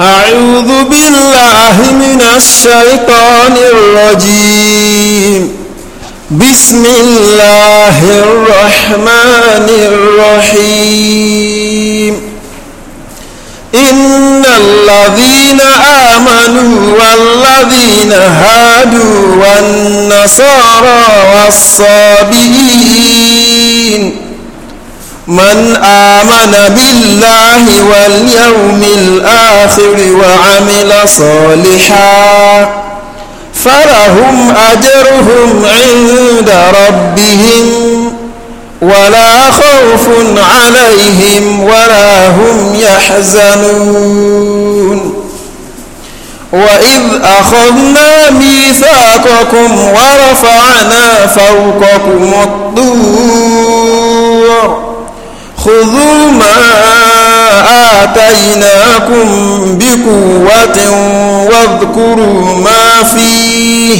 أعوذ بالله من الشيطان الرجيم بسم الله الرحمن الرحيم إن الذين آمنوا والذين هادوا والنصارى والصابئين من آمن بالله واليوم الآخر وعمل صالحا فلهم أجرهم عند ربهم ولا خوف عليهم ولا هم يحزنون وإذ أخذنا ميثاقكم ورفعنا فوقكم الطور خذوا ما آتيناكم بقوة واذكروا ما فيه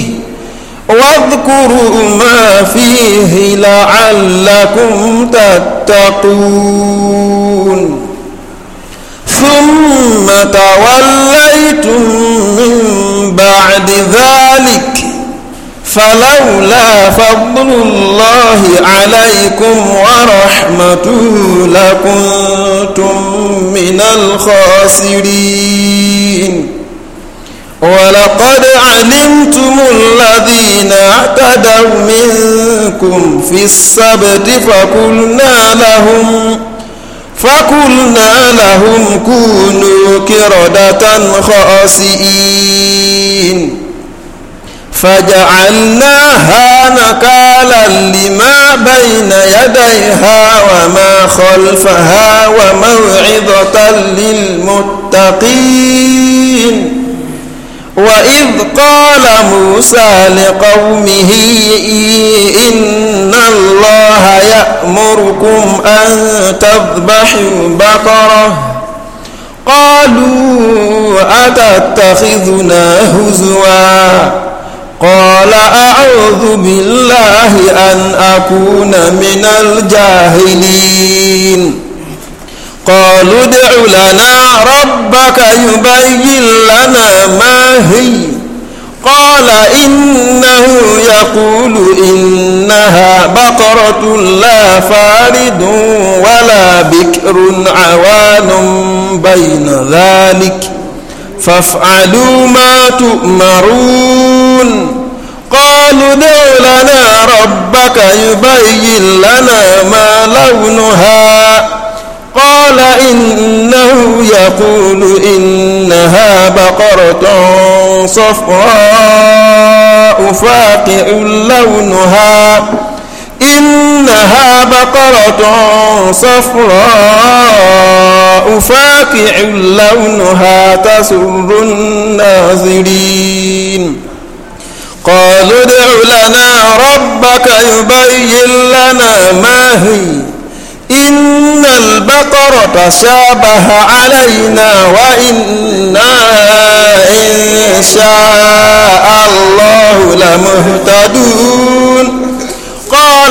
واذكروا ما فيه لعلكم تتقون ثم توليتم من بعد ذلك فلولا فضل الله عليكم ورحمته لكنتم من الخاسرين ولقد علمتم الذين اعتدوا منكم في السبت فقلنا لهم فقلنا لهم كونوا كردة خاسئين فجعلناها نكالا لما بين يديها وما خلفها وموعظة للمتقين وإذ قال موسى لقومه إن الله يأمركم أن تذبحوا بقرة قالوا أتتخذنا هزواً قال أعوذ بالله أن أكون من الجاهلين قالوا ادع لنا ربك يبين لنا ما هي قال إنه يقول إنها بقرة لا فارد ولا بكر عوان بين ذلك فافعلوا ما تؤمرون قالوا ادع لنا ربك يبين لنا ما لونها قال إنه يقول إنها بقرة صفراء فاقع لونها إنها بقرة صفراء فاقع لونها تسر الناظرين قالوا ادع لنا ربك يبين لنا ما هي إن البقرة شابه علينا وإنا إن شاء الله لمهتدون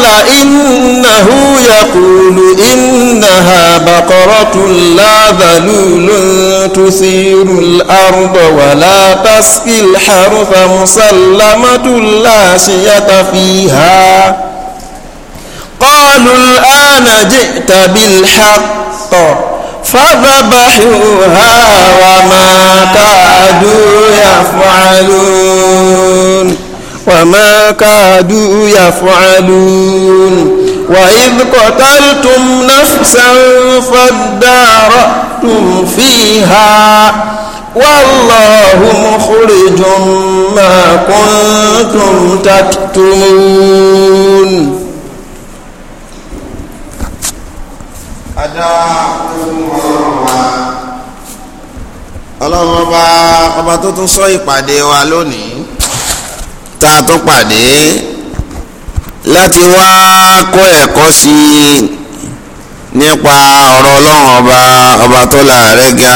قال إنه يقول إنها بقرة لا ذلول تثير الأرض ولا تسقي الحرث مسلمة لا شية فيها قالوا الآن جئت بالحق فذبحوها وما كادوا يفعلون وما كادوا يفعلون وإذ قتلتم نفسا فادارأتم فيها والله مخرج ما كنتم تكتمون ọlọ́run ọba ọba tó tún sọ ìpàdé wa lónìí tá a tún pàdé láti wá kọ́ ẹ̀kọ́ sí i nípa ọ̀rọ̀ ọlọ́run ọba ọba tó láàrẹ́ ga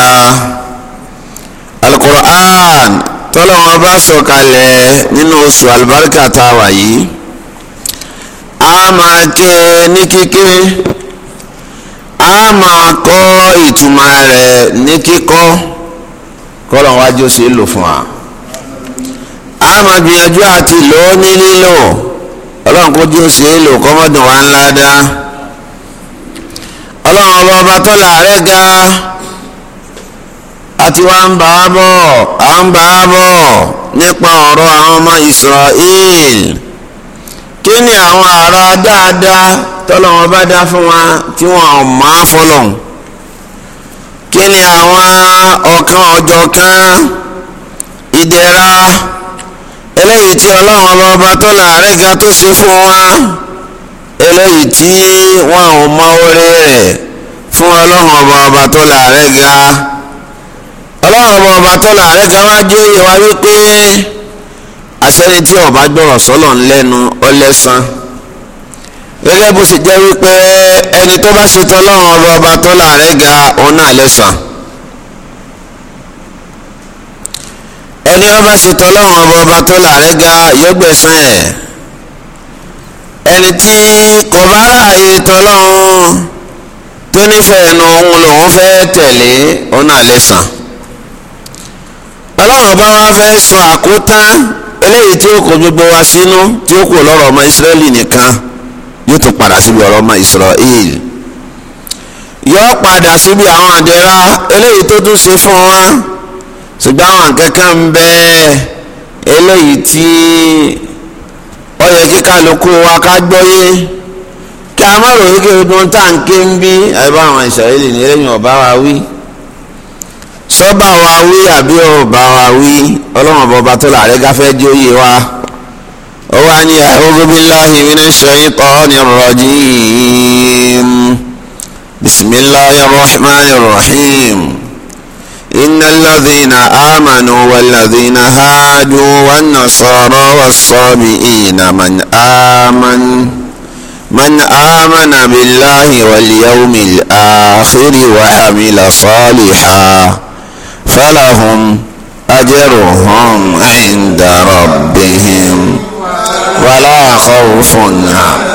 alukur'an tọ́lọ́run ọba sọ̀kalẹ̀ nínú oṣù alibarika tá wà yìí a máa jẹ́ ní kíké a máa kọ́ ìtumọ̀ rẹ̀ ní kíkọ́ kọ́lọ́run wájú sí lò fún wa. a máa gbìyànjú àti lò ní lílò ọlọ́run kó jó sí é lò kọ́mọ́dún wa ńlá dá ọlọ́run ọba ọba tó láàárẹ̀ ga àti wá ń bá a bọ̀ à ń bá a bọ̀ nípa ọ̀rọ̀ àwọn ọmọ Israel kí ni àwọn ará dáadáa tọ́lọ́wọ́n bá dá fún wa tí wọ́n ò máa fọlọ́n kí ni àwọn ọ̀kan kan ìdẹ̀ra. eléyìí tí ọlọ́run ọba tó láàrin ga tó ṣe fún wa eléyìí tí wọn ò mọ orí rẹ̀ fún ọlọ́run ọba ọba tó láàrin ga ọlọ́run ọba ọba tó láàrin ga wá jẹ́ òye wa wípé asẹ́ni tí ọba gbọ́rọ̀ sọ́lọ̀ ńlẹ́nu ọlẹ́sàn gẹ́gẹ́ bó ṣe jẹ́ wípé ẹni tó bá ṣe tọ́lọ́run ọba ọba tó láàrin ga òun náà lẹ́sàn. ẹni ọba ṣètò ọlọ́run ọba ọba tó láàrin ga yóò gbẹ̀san ẹ̀ ẹni tí kò bá ráàyè tọ́lọ́run tó nífẹ̀ẹ́ ẹnu òun lòun fẹ́ tẹ̀lé òun náà lè sàn ọlọ́run ọba wa fẹ́ sọ àkótán eléyìí tí ó kó gbogbo wa sínú tí ó kù lọ́rọ̀ ọmọ ìsírẹ́lì nìkan yóò tún padà síbi ọ̀rọ̀ ọmọ ìsírẹ́lì yóò padà síbi àwọn àdẹ́ra eléyìí tó tún ṣe fún wa. ṣùgbọ́n àwọn kankan ń bẹ eléyìí tí ó yẹ kí kálukú wa ká gbọ́yé kí a má rò wípé ọdún tá ń bí àbá àwọn ní eléyìí wa wí sọ́bà wa wí àbí wa wí ọlọ́run ọba tó làárẹ̀ di wa ó wá ní a'udhu billahi minash shaytanir rajim bismillahir rahmanir rahim. إن الذين آمنوا والذين هادوا والنصارى والصابئين من آمن من آمن بالله واليوم الآخر وعمل صالحا فلهم أجرهم عند ربهم ولا خوف عليهم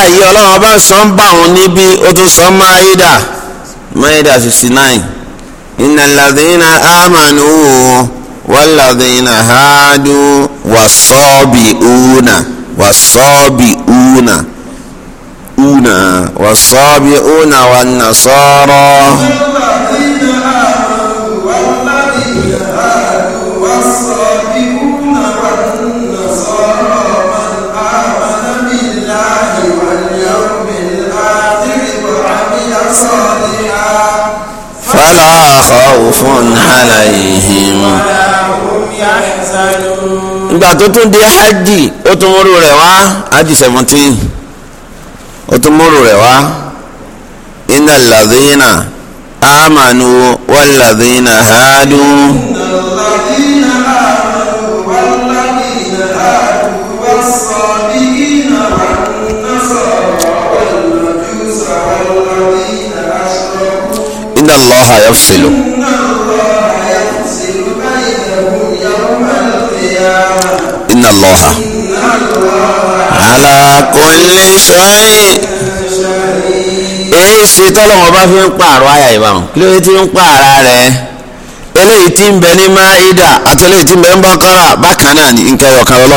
àyà yìí ọlọ́run bá san bá òun níbi ó tún san máyídà máyídà sixty nine innal ladhina amanu wal ladhina hadu was-sabi'una was-sabi'una una was-sabi'una wan-nasara. ولا خوف عليهم ìgbà tó tún dé hajj ó tún múrò rẹ̀ wá hajj seventeen ó tún múrò rẹ̀ wá iná ladhina amanu wal ladhina hadu. الله يفصل إن الله على كل èyí ṣe bá fi ń pààrọ̀ àyà ìbámu kí ló ti ń pààrà rẹ̀ eléyìí tí ń bẹ ní mbẹ àti eléyìí tí ń bẹ ní bọ́kọ́rà bákan náà ní nǹkan ẹ̀yọ̀kan ọlọ́run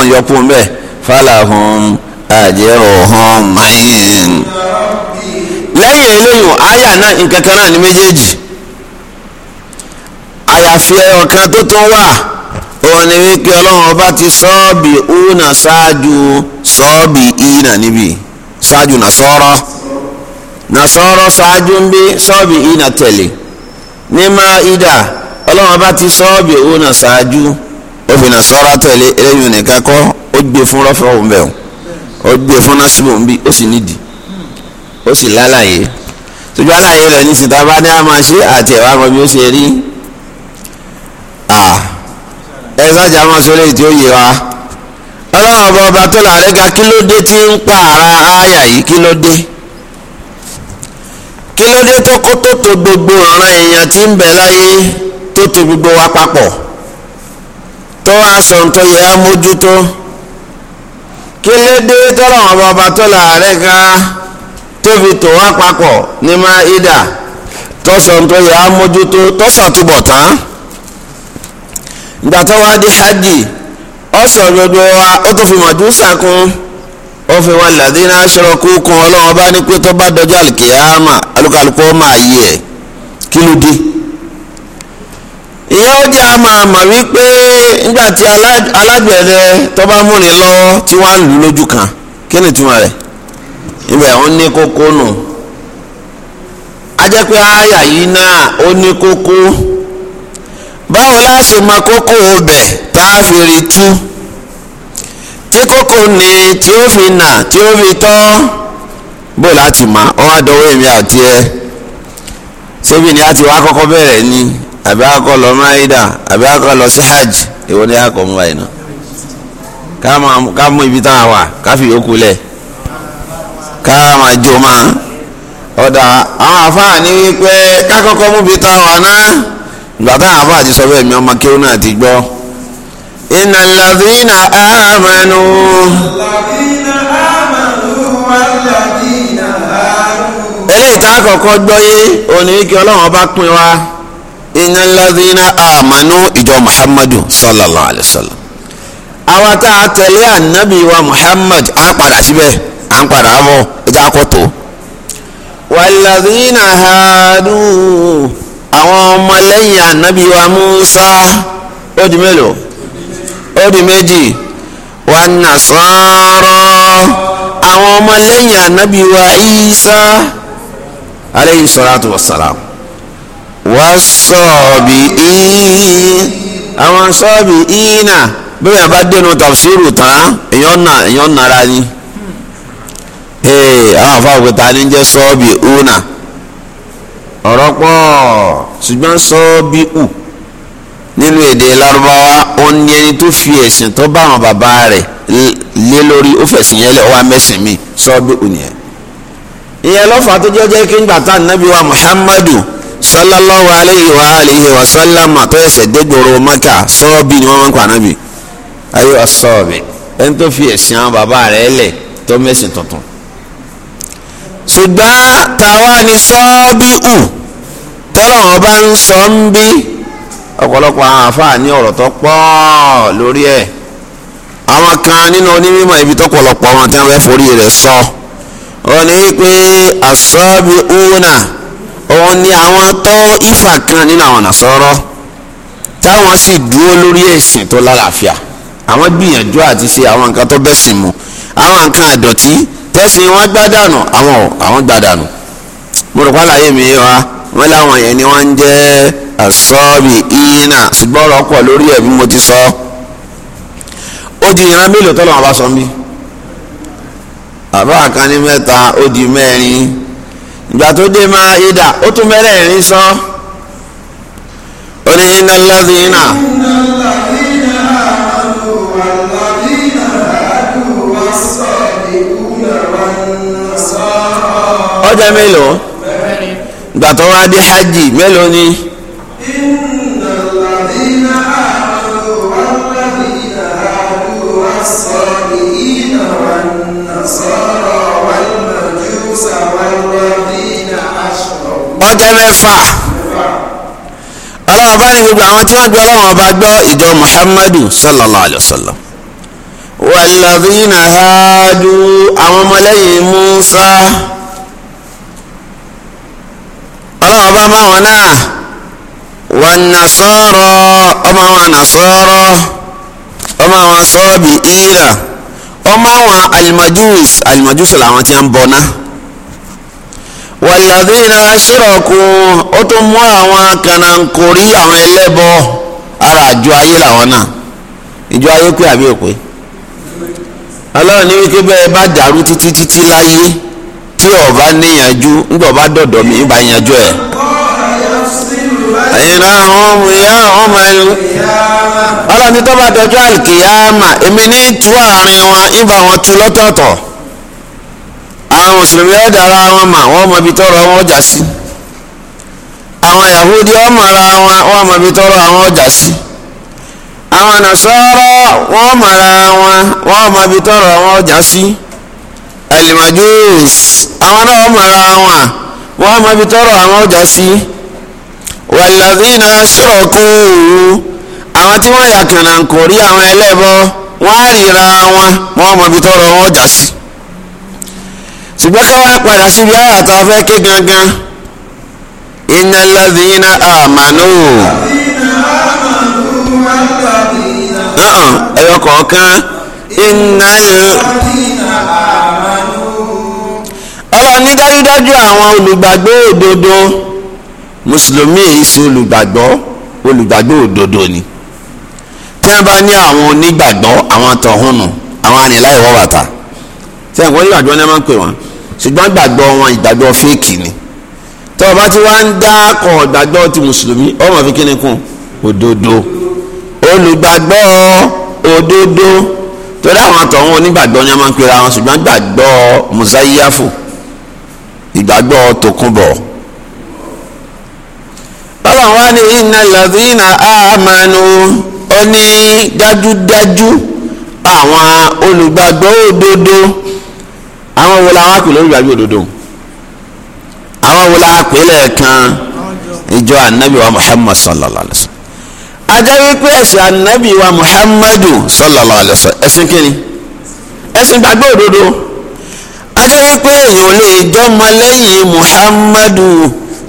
àyà náà nǹkan kan náà ní àlàáfíà ọ̀kan tó tún wà òun ni wípé ọlọ́run ọba ti sọ́ọ̀bì una ṣáájú sọ́ọ̀bì ina níbi ṣáájú nàṣọ́rọ́ nàṣọ́rọ́ ṣáájú ń bí sọ́ọ̀bì ina tẹ̀lé ní Máídà ọlọ́run ọba ti sọ́ọ̀bì una ṣáájú nàṣọ́rọ́ tẹ̀lé nìkan kọ́ ó gbé fún òun bẹ̀ ó gbé fún ń bí ó sì nídìí ó sì lálàyé tójú àlàyé rẹ̀ ní sìtá bá ní àmọ́ ṣe àti ẹ̀wà ẹ sájà máa sọ léyìí tí ó yé wa ọlọ́run ọba ọba tó láàrin ga kí ló dé tí ń pààrà àyà yìí kí ló dé kí ló dé tó to gbogbo ọ̀ràn èèyàn tí ń bẹ láyé to gbogbo wa papọ̀ tó wá sọ á mójútó kí ló ọba ọba tó ga tó wá papọ̀ ní tó sọ ìgbà tó ọsọ hajj ó gbogbo wa ó tó fi màjúsà kún ó fi wá làdínà aṣọ́rọ̀kú kún ọlọ́run bá ní pé tó bá dọjọ́ àlùkìyàmà alùkàlùkù ó máa yí ẹ̀ kí ló ìyẹn ó jẹ́ àmà wípé nígbà tí alágbẹ̀dẹ tó bá báwo la ṣe mọ kókó ọbẹ̀ tá a fi rí tú tí kókó ni tí ó fi nà tí ó fi tọ́ bó láti mọ̀ ọ́n á dọwọ́ èmi àti ẹ ni a ti wá kọ́kọ́ bẹ̀rẹ̀ ni àbí akọ lọ máìdá àbí akọ lọ sí hajj èwo ni akọ mú báyìí náà ká mú ibi táwọn wà ká fi yókù lẹ̀ ká máa jó máa ọ̀dà àwọn àfáà ní ká kọ́kọ́ mú ibi náà. gbàtà àfa àti sọ bẹ́ẹ̀ mi ọmọ kéwọn náà ti gbọ́. iná ladhina amanu. ladhina amanu wà ladhina amanu. eléyìí tá a kọ́kọ́ gbọ́ yé òní kí ọlọ́run bá pín wa iná ladhina amanu ìjọ muhammadu sallallahu alayhi wa sallam. àwa tá a tẹ̀lé ànábì wa muhammad á padà síbẹ̀ á padà bọ̀ ẹja kọ́ tó. wà ladhina àwọn ọmọlẹ́yìn ànábì wa Musa ó di mélòó ó di méjì wa nasara àwọn ọmọlẹ́yìn ànábì wa Isa aleyhi salatu wa salam wa sọ̀ọ̀bì ìyìn àwọn sọ̀ọ̀bì ìyìn náà bí wọ́n bá dénú tafsiru tán èèyàn nà èèyàn ni àwọn afáwọn òkúta ni ń jẹ́ sọ̀ọ̀bì ìyìn náà ọ̀rọ̀ pọ̀ ṣùgbọ́n sọ bí ù nínú èdè Lárúbáwá ó ní ẹni tó fi ẹ̀sìn tó bá àwọn bàbá rẹ̀ lé lórí ó fẹ̀sìn yẹn lẹ̀ wá mẹ́sìn mi sọ bí ù nìyẹn. ìyẹn lọ́fà tó jẹ́ jẹ́ kí n gbà tá nàbí wa Muhammadu sallallahu alayhi wa alihi wa sallama tó ẹsẹ̀ dégbòrò Mẹ́kà sọ bí ni wọ́n máa ń pa nàbí ayé wa sọ ọ̀bẹ ẹni tó fi ẹ̀sìn àwọn bàbá rẹ̀ lẹ̀ tó mẹ́sìn tuntun ṣùgbọ́n táwa ni sọ́ọ́bíù tọ́lọ́wọ́n bá ń sọ ń bí ọ̀pọ̀lọpọ̀ àwọn àfáà ní ọ̀rọ̀ tó pọ̀ lórí ẹ̀ àwọn kan nínú onímọ̀ ibi tó pọ̀lọpọ̀ wọn tí wọ́n fẹ́ forí rẹ̀ sọ ọ ní pé asọ́ọ́bíùnà òun ni àwọn tó ìfà kan nínú àwọn nàṣọ́rọ́ táwọn sì dúró lórí ẹ̀sìn tó lálàáfíà àwọn gbìyànjú àti ṣe àwọn nǹkan tó bẹ́sìn mu àwọn nǹkan àdọ̀tí tẹ́sìn wọn gbádànù àwọn àwọn gbádànù mo rò pàlàyé mi wa láwọn yẹn ni wọ́n ń jẹ́ asọ́ọ̀bì ìyínà ṣùgbọ́n ọ̀rọ̀ pọ̀ lórí ẹ̀ bí mo ti sọ ó di ìran mélòó tọ́lọ́ wọn bá sọ mí bàbá kan ní mẹ́ta ó di mẹ́rin ìgbà tó dé máa yídà ó tún sọ ó ní iná jẹ́ mélòó ìgbà tó wá dé hajj mélòó ni. ọjọ́ mẹ́fà ọlọ́wọ́ bá ní gbogbo àwọn tí wọ́n gbé ọlọ́wọ́ bá gbọ́ ìjọ Muhammadu sallallahu alayhi wa sallam wàlàbí nàhádùú àwọn ọmọlẹ́yìn Musa ọlọ́wọ́ bá má wọn náà wọn nasọ́rọ̀ ọmọ wọn nasọ́rọ̀ ọmọ wọn sọ́rọ̀ bí ìlà ọmọ wọn alimajus alimajus làwọn ti ń bọ̀ ná wàlàdínà ṣírọ̀kù ó tún mú àwọn kànáńkórí àwọn ẹlẹ́bọ ara àjọ ayé làwọn náà ìjọ ayé pé àbí òpè ọlọ́run ní wípé bẹ́ẹ̀ bá dàrú títí títí láyé. tí ọba níyànjú nígbà ọba dọ̀dọ̀ mi ìbá yanjú ẹ̀. ìlà ọmọ ìyá ọmọ ẹnu. ọlọ́ni tó bá dọjọ́ àlùkìyàmà èmi ní tú àárín wọn ìbá wọn tú lọ́tọ̀ọ̀tọ̀. àwọn mùsùlùmí wọn mà wọ́n mọ ibi tọ́rọ wọn ọjà sí. àwọn yahudi ọmọ ara wọn wọ́n mọ ibi tọ́rọ ọjà alimajus àwọn náà wọ́n mọ̀ra wọn wọ́n á mọbi tọrọ àwọn ọjà sí wàlàdínà ṣọ̀rọ̀kù àwọn tí wọ́n yà kànáà kò rí àwọn ẹlẹ́bọ wọ́n á ríra wọn wọ́n á mọbi tọrọ wọn ọjà sí ṣùgbọ́n ká wá padà síbi àwọn àtàwọn fẹ́ ké gangan iná ládìínà àmàlò. ẹ̀yọ kọ̀ọ̀kan innal ọlọ́run ní dájúdájú àwọn olùgbàgbọ́ òdodo mùsùlùmí èyí sí olùgbàgbọ́ olùgbàgbọ́ òdodo ni tí wọ́n bá ní àwọn onígbàgbọ́ àwọn tọ̀húnù àwọn anìláìwọ́ bàtà tí wọ́n onígbàgbọ́ ni wọ́n máa ń pè wọ́n ṣùgbọ́n gbàgbọ́ wọn ìgbàgbọ́ fẹ́ẹ̀kì ni tọ́ ọba tí wọ́n á ń dá kọ ìgbàgbọ́ ti mùsùlùmí ọmọ fi kíni kún òdodo olùgbàgbọ́ òdodo torí àwọn àtọ̀hún onígbàgbọ́ ni wọ́n máa ń pera wọn ṣùgbọ́n gbàgbọ́ mùsáyíyáfò ìgbàgbọ́ tòkunbọ̀ ọlọ́run wá ní iná làdínà àmánú ó ní dájúdájú àwọn olùgbàgbọ́ òdodo àwọn wo làwọn àpè lórúgbàgbọ́ òdodo àwọn wo làwọn àpè lẹ́ẹ̀kan ìjọ ànábì wa Muhammad sallallahu alayhi wa sallam. ajẹ́ wípé ẹ̀sìn anabi wa muhammadu sallallahu alayhi wa sallam ẹ̀sìn kínní ẹ̀sìn gbàgbọ́ òdodo ajẹ́ èèyàn lè lẹ́yìn muhammadu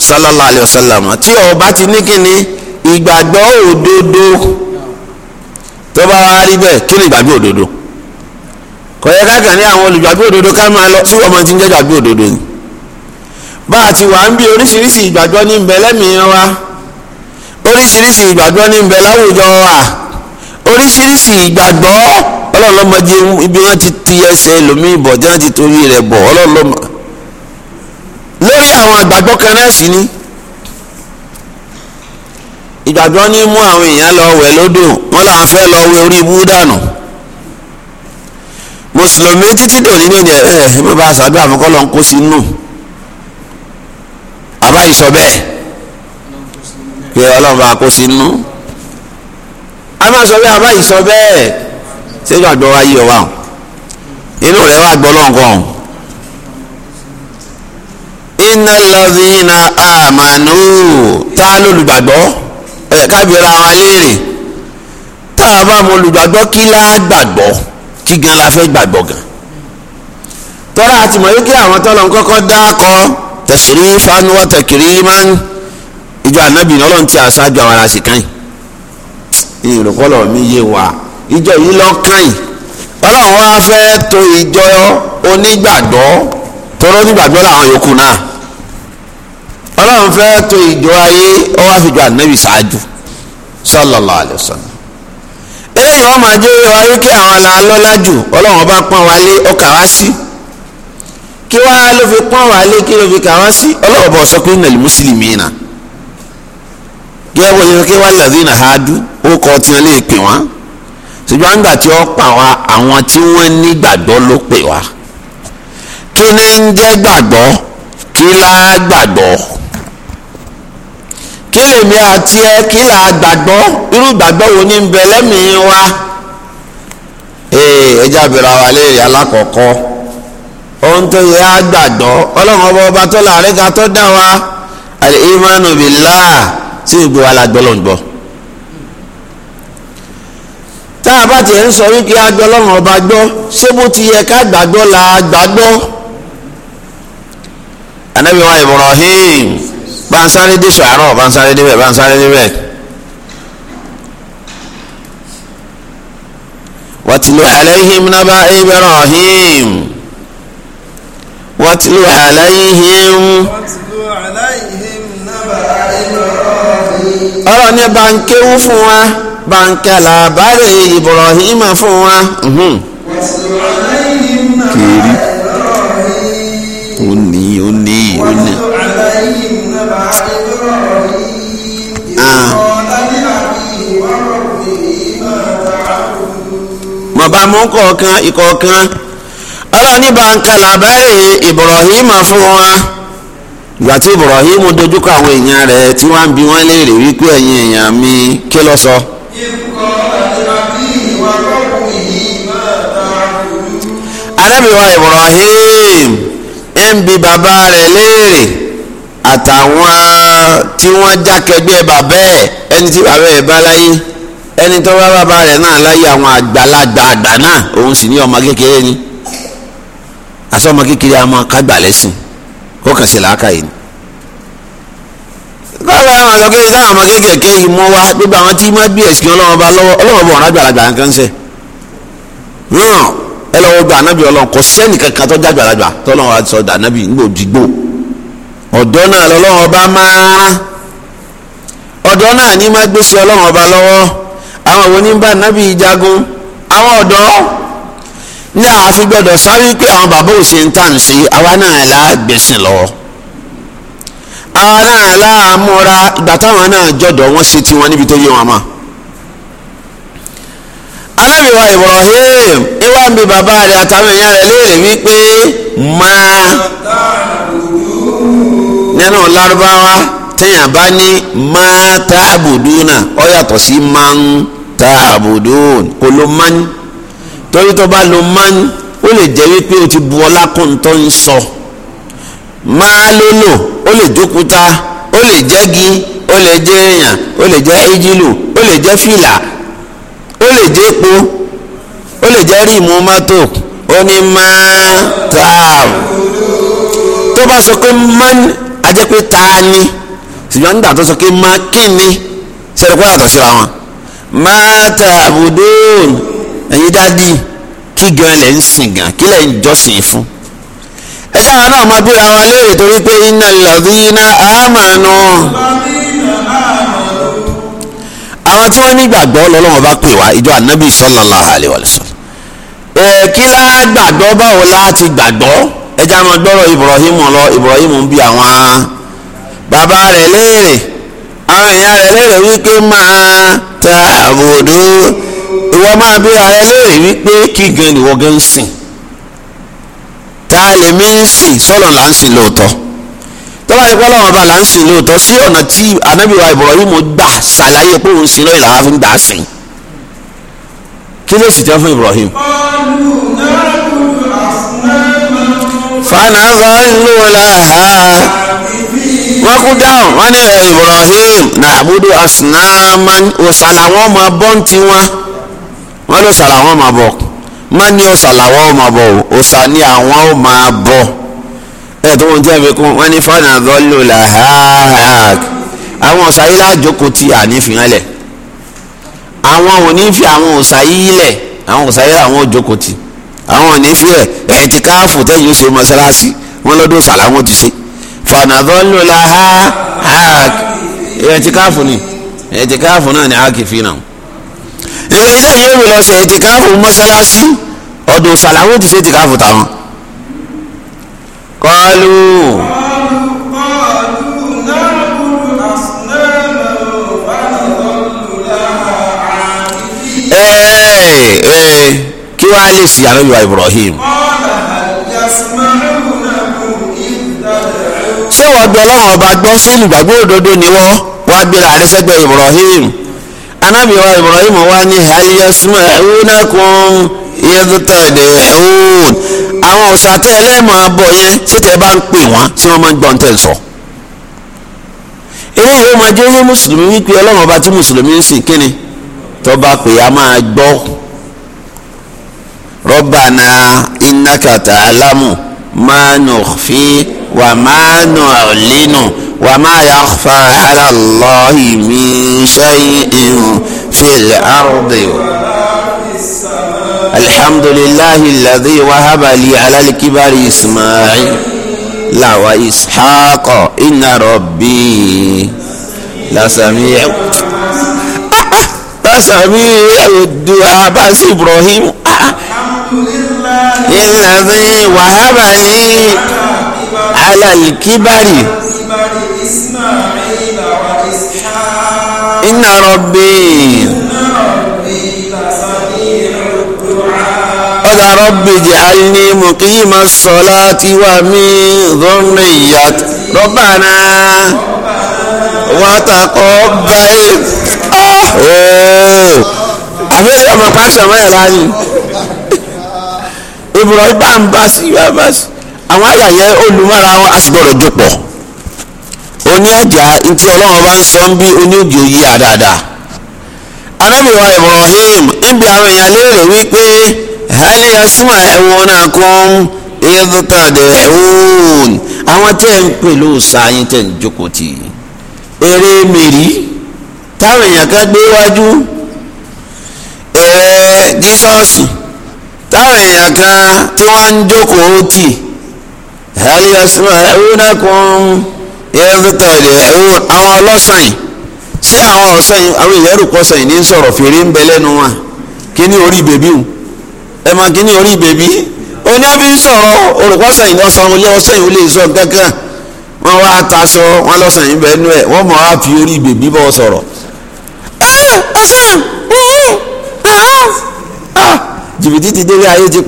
sallallahu tí ó bá ti ní kínní ìgbàgbọ́ òdodo tó bá àwọn olùgbàgbé òdodo ká máa ọmọ oríṣiríṣi ìgbàgbọ́ ní ń bẹ láwùjọ wa oríṣiríṣi ìgbàgbọ́ ọlọ́lọ́mọdé ibi wọn ti ti ẹsẹ̀ ẹlòmíì bọ̀ tí wọ́n ti torí rẹ̀ bọ̀ ọlọ́lọ́mọ lórí àwọn ìgbàgbọ́ kan náà sì ni ìgbàgbọ́ ní mú àwọn èèyàn lọ wẹ̀ lódò wọn làwọn fẹ́ lọ wẹ̀ orí ibú dànù mùsùlùmí títí dòní ní ẹ ẹ bí wọn bá ṣàdúrà fún kọ́ lọ́n kó sínú àbá ìsọ bẹ́ẹ̀ pé ọlọ́run bá kó sínú a máa sọ bẹ́ẹ̀ a máa yìí sọ bẹ́ẹ̀ ṣéjú àgbọ̀ wa yí ọ wa inú rẹ̀ wá gbọ́ lọ́nkàn iná lọ́dínà àmàlú tá lólùgbàgbọ́ ẹ̀ kábíyèrè àwọn léèrè tá a bá mọ olùgbàgbọ́ kí lá gbàgbọ́ kí gan la fẹ́ gbàgbọ́ gan tọ́lá àti mọ̀ yókè àwọn tọ́lọ̀ ń kọ́kọ́ dá kọ́ tẹ̀sírí fanuwa tẹ̀kìrí máa ìjọ anabi ni ọlọ́run ti aṣáájú àwọn aráàsì kan yìí ìrùkọ́lọ̀ mi yé wa ìjọ yìí lọ́kàn yìí ọlọ́run wá fẹ́ tò ìjọ onígbàgbọ́ tọ́lọ́ onígbàgbọ́ làwọn yòókù náà ọlọ́run fẹ́ tò ìjọ ayé ó wá fi jọ anabi ṣáájú sallallahu alaihi wasallam eléyìí wọ́n máa jẹ́ wáyé kí àwọn alálọ́lá jù ọlọ́run ọba pọ́n wálé ọkà wá sí kí wàá ló fi pọ́n wálé kí ló fi kà wá sí ọlọ́run ọba ọ̀sọ́ nàlẹ́ mùsùlùmí náà. gẹ́gẹ́ bó kí wọ́n lẹ́sìn náà dú ó kọ́ lè pè wọ́n ṣùgbọ́n tí ó pa wá àwọn tí wọ́n nígbàgbọ́ ló pè wá kí ni ń jẹ́ gbàgbọ́ kí gbàgbọ́ kí lèmi àti ẹ kí wo ni ń bẹ wa ẹja bẹ̀rẹ̀ alákọ̀ọ́kọ́ ohun tó yẹ á gbàgbọ́ ọlọ́run ọba ọba tó ká wa sí gbogbo wa la gbọ́lọ̀ ń gbọ́ tá a bá tiẹ̀ ń sọ wípé a gbọ́ Ọlọ́run ọba gbọ́ ṣé bó ti yẹ ká gbàgbọ́ la gbàgbọ́ anabi wa Ibrahim bansáré dé sàárọ̀ bansáré dé bẹ́ẹ̀ bansáré dé bẹ́ẹ̀ wàtìlú alayhim naba Ibrahim wàtìlú alayhim. wàtìlú alayhim naba Ibrahim. ọ̀rọ̀ ní bankewu fún wa bankala bàrẹ Ibrahim fún wa. Mhm. kiri ó ní ó ní mú kọ̀ọ̀kan ìkọ̀ọ̀kan ọ̀rọ̀ ní bankala bàrẹ Ibrahim fún wa. ìgbà Ibrahim dojúkọ àwọn èèyàn tí bi léèrè wípé ẹ̀yin èèyàn mi kí ló sọ. Ibrahim ń bi bàbá rẹ̀ léèrè àtàwọn tí wọ́n jákẹ́gbẹ́ bàbá ẹ̀ ẹni tí bàbá ẹ̀ bá láyé ẹni tó bá bàbá rẹ̀ náà láyé àwọn àgbàlagbà àgbà náà òun sì ní ọmọ kékeré ni àti ọmọ kékeré a kágbà lẹ́sìn. ó kàn ṣe làákàyè ni báwo àwọn àlọ́kẹ́ yìí táwọn ọmọ kéékèèké yìí mú wá gbogbo àwọn tí máa bí ẹ̀sìn ọlọ́wọ́n ọba lọ́wọ́ ọlọ́wọ́n bá wọn àgbàlagbà nǹkan ṣe náà ẹ gba kò kankan tó dìgbò ọ̀dọ́ náà ní àwa fi gbọ́dọ̀ sá wípé àwọn bàbá ò ṣe ń tà ń ṣe àwa náà láàgbèsìn lọ́wọ́ àwa náà láàmúra ìgbà táwọn náà jọ̀dọ̀ wọ́n ṣe tiwọn níbi tó yé wọn mọ́ anábìwá Ibrahim ewa ń bi bàbá rẹ̀ àtàwọn èèyàn rẹ̀ léèrè wípé máa nínú lárúbáwá téèyàn bá ní máa tá náà ó yàtọ̀ sí máa ń kò ló máa ń torí tó bá lo man ó lè jẹ́ wípé o ti bu ọlá kún tó ń sọ máa ló lò ó lè jókúta ó lè jẹ́gi ó lè jẹ́ èèyàn ó lè jẹ́ ìjìlù ó lè jẹ́ fìlà ó lè jẹ́ epo ó lè jẹ́ ríìmù mọ́tò ó ní máa tà tó bá sọ pé man ajẹ́ ta ni ṣùgbọ́n nígbà tó sọ pé ma kí ni sẹ́ni kó yàtọ̀ síra wọn máa tà àbùdóòn ẹ̀yin dádì kí gan lẹ̀ ń sìn gan kí lẹ̀ ń jọ́sìn fún ẹ àwọn náà máa bíra wa léèrè torí pé iná lọ́dínà àmàánú àwọn tí wọ́n ní gbàgbọ́ bá pè wá ìjọ ànábì sallallahu alaihi wasallam ẹ̀ kí lá gbàgbọ́ báwo láti gbàgbọ́ ẹja máa gbọ́rọ̀ Ibrahim lọ Ibrahim ń bi àwọn bàbá rẹ̀ léèrè àwọn èèyàn rẹ̀ léèrè wípé máa ta àbùdó. ìwọ máa bí ara ẹ lè wípé kí gan ni ìwọ gan ń sìn tá a lè mí ń sìn sọ́lọ̀ là ń sìn lóòótọ́ tọ́lá yẹn pé ọlọ́run ọba là ń sìn lóòótọ́ sí ọ̀nà tí anábìwá Ibrahim gbà ṣàlàyé pé òun sìn ha làwọn fi ń gbà sìn kí ló sì jẹ́ fún Ibrahim. fanazọ́lù làhà wọ́n kú dáhùn wọ́n ní Ibrahim wọ́n ló sàrà wọn máa bọ̀ má ní ọ̀sà làwọn ò máa bọ̀ ọ̀sà ni àwọn ò máa bọ̀ ẹ̀ tó ń jẹ́ mi kún wọ́n ní fọ́nà lọ́lọ́ làhák àwọn ọ̀sà yìí lájókòó ti ànífihàn lẹ̀ àwọn ò ní fi àwọn ọ̀sà yìí lẹ̀ àwọn ọ̀sà yìí àwọn òjókòó ti àwọn ò ní fi ẹ̀ ẹ̀ ti káàfù tẹ́yìn ṣe mọ́ṣáláṣí wọ́n lọ́dún ọ̀sà làwọn ti ṣe fọ́nà lọ́lọ́ làhák ìwé ẹlẹ́yà yóò lọ ṣe ètìkáfù mọ́ṣáláṣí ọ̀dọ̀ sàlámù ti ṣe ètìkáfù táwọn. kọ́lù. kí wàá lè ṣe àlọ́ ìwà Ibrahim. ṣé wọ́n gbọ́ ọlọ́run ọba gbọ́ sí olùgbàgbọ́ òdodo ni wọ́n wá gbéra àrísẹ́gbẹ́ Ibrahim anábìyàwó ibrahim wá ní àyẹ̀sùmọ̀ ẹ̀húnákùn yẹ́dútàdé ẹ̀hún àwọn ọ̀sà tẹ́ ẹlẹ́mọ̀ abọ́ yẹn tí tẹ́ bá ń pè wọ́n tí wọ́n máa ń gbọ́ ń tẹ̀ sọ. èyí yóò máa jẹ́ yé mùsùlùmí wípé ọlọ́run ọba tí mùsùlùmí ń sìn kíni tó bá pè á máa gbọ́ rọ́bànà inákàtà alámù máa nù fi wà máa nù àlínù. وما يخفى على الله من شيء في الأرض الحمد لله الذي وهب لي على الكبر إسماعيل لا وإسحاق إن ربي لسميع لسميع الدعاء بس إبراهيم الذي وهب لي على الكبر inna rabbi ọ̀dà rabbi jìhálì mùkìyìmọ̀ sọ́lá tí wà mí rọ́mì ìyàt rọ́bànà wàtàkọ́ báyìí. àbí ẹ̀rọ ọmọ pàṣẹ mẹ́rin láàyè Ibrahim bá ń bá sí yóò bá sí àwọn àyà yẹn wọn a sì gbọ́dọ̀ jọ pọ̀. oníjà ntí ọlọ́run bá ń sọ ń bí oníògì àdàdà Ibrahim ibi àwọn èèyàn wípé hali yasuma ẹ̀wọ̀n náà kún ìdútàdé ẹ̀wọ̀n àwọn tẹ́ táwọn èèyàn kan gbé wájú tí ń jókòó tì náà everytime àwọn ọlọ́sàn ṣé àwọn ọ̀sàn àwọn èèyàn rò pọ̀sàn ní sọ̀rọ̀ fèrè ń bẹ lẹ́nu wọn kíní orí bèbí o ẹ mọ kíní orí bèbí oníbi sọ̀rọ̀ olùkọ́sàn yìí lọ́sàn ilé ọ̀sàn yìí ó lè sọ kankan wọ́n wá taṣọ wọn lọ́sàn yìí bẹ́ẹ̀ nú ẹ̀ wọ́n mọ̀ fi orí bèbí bọ́ sọ̀rọ̀ ah! jìbìtì ti délé ayé ti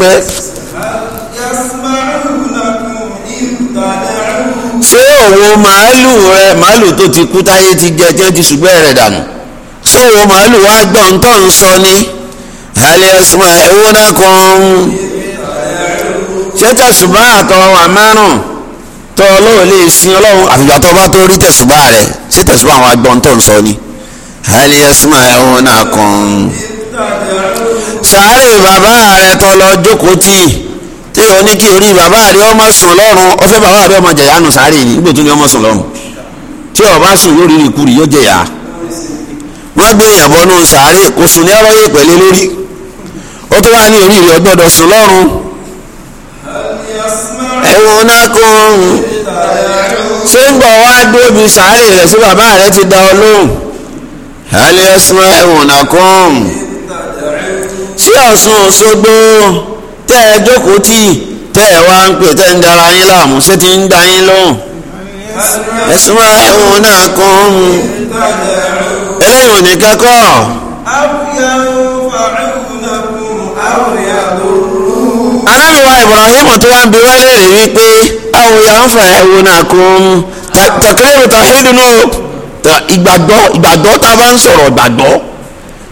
ṣé òwò màálù rẹ màálù tó ti kú táyé ti jẹ tí ti ṣùgbọ́n rẹ̀ dànù ṣé òwò màálù wá gbọ́n tó ń sọ ni àlẹ́ ẹ̀sùnmọ̀ ṣé àtọ̀ márùn tọ́ ọlọ́run lè sin ọlọ́run àfìgbà tó bá tó rẹ̀ ṣé àwọn ń sọ ni lọ jókòó ìwọ ní kí orí bàbá rẹ ọmọ sùn lọ́rùn ọfẹ́ bàbá rẹ ọmọ jẹ̀yà nù sáré ọmọ sùn lọ́rùn tí ọba sùn yóò rí ìkúrì yóò jẹ̀yà wọ́n gbé ìyàbọ̀ nù sáré kò sùn ní lórí ó tó wà ní orí rẹ ọgbọ́dọ̀ sùn lọ́rùn ẹ̀wọ̀n náà kún ṣé ń bọ̀ wá sáré rẹ̀ sí bàbá rẹ ti da ọ tẹ́ ẹ jókòó tì tẹ́ ẹ wá ń pè tẹ́ ń dara yín láàmú ṣé ti ń da yín lóhùn ẹ̀sùn máa ń náà kún eléyìí ò ní kẹ́kọ̀ọ́. alábìwá Ibrahim tó wá ń bi wálé rè wípé àwòyà ń fà ẹ̀wò náà kún tàkìlẹ́rù tàhídùn náà ìgbàgbọ́ ìgbàgbọ́ tá a bá ń sọ̀rọ̀ ìgbàgbọ́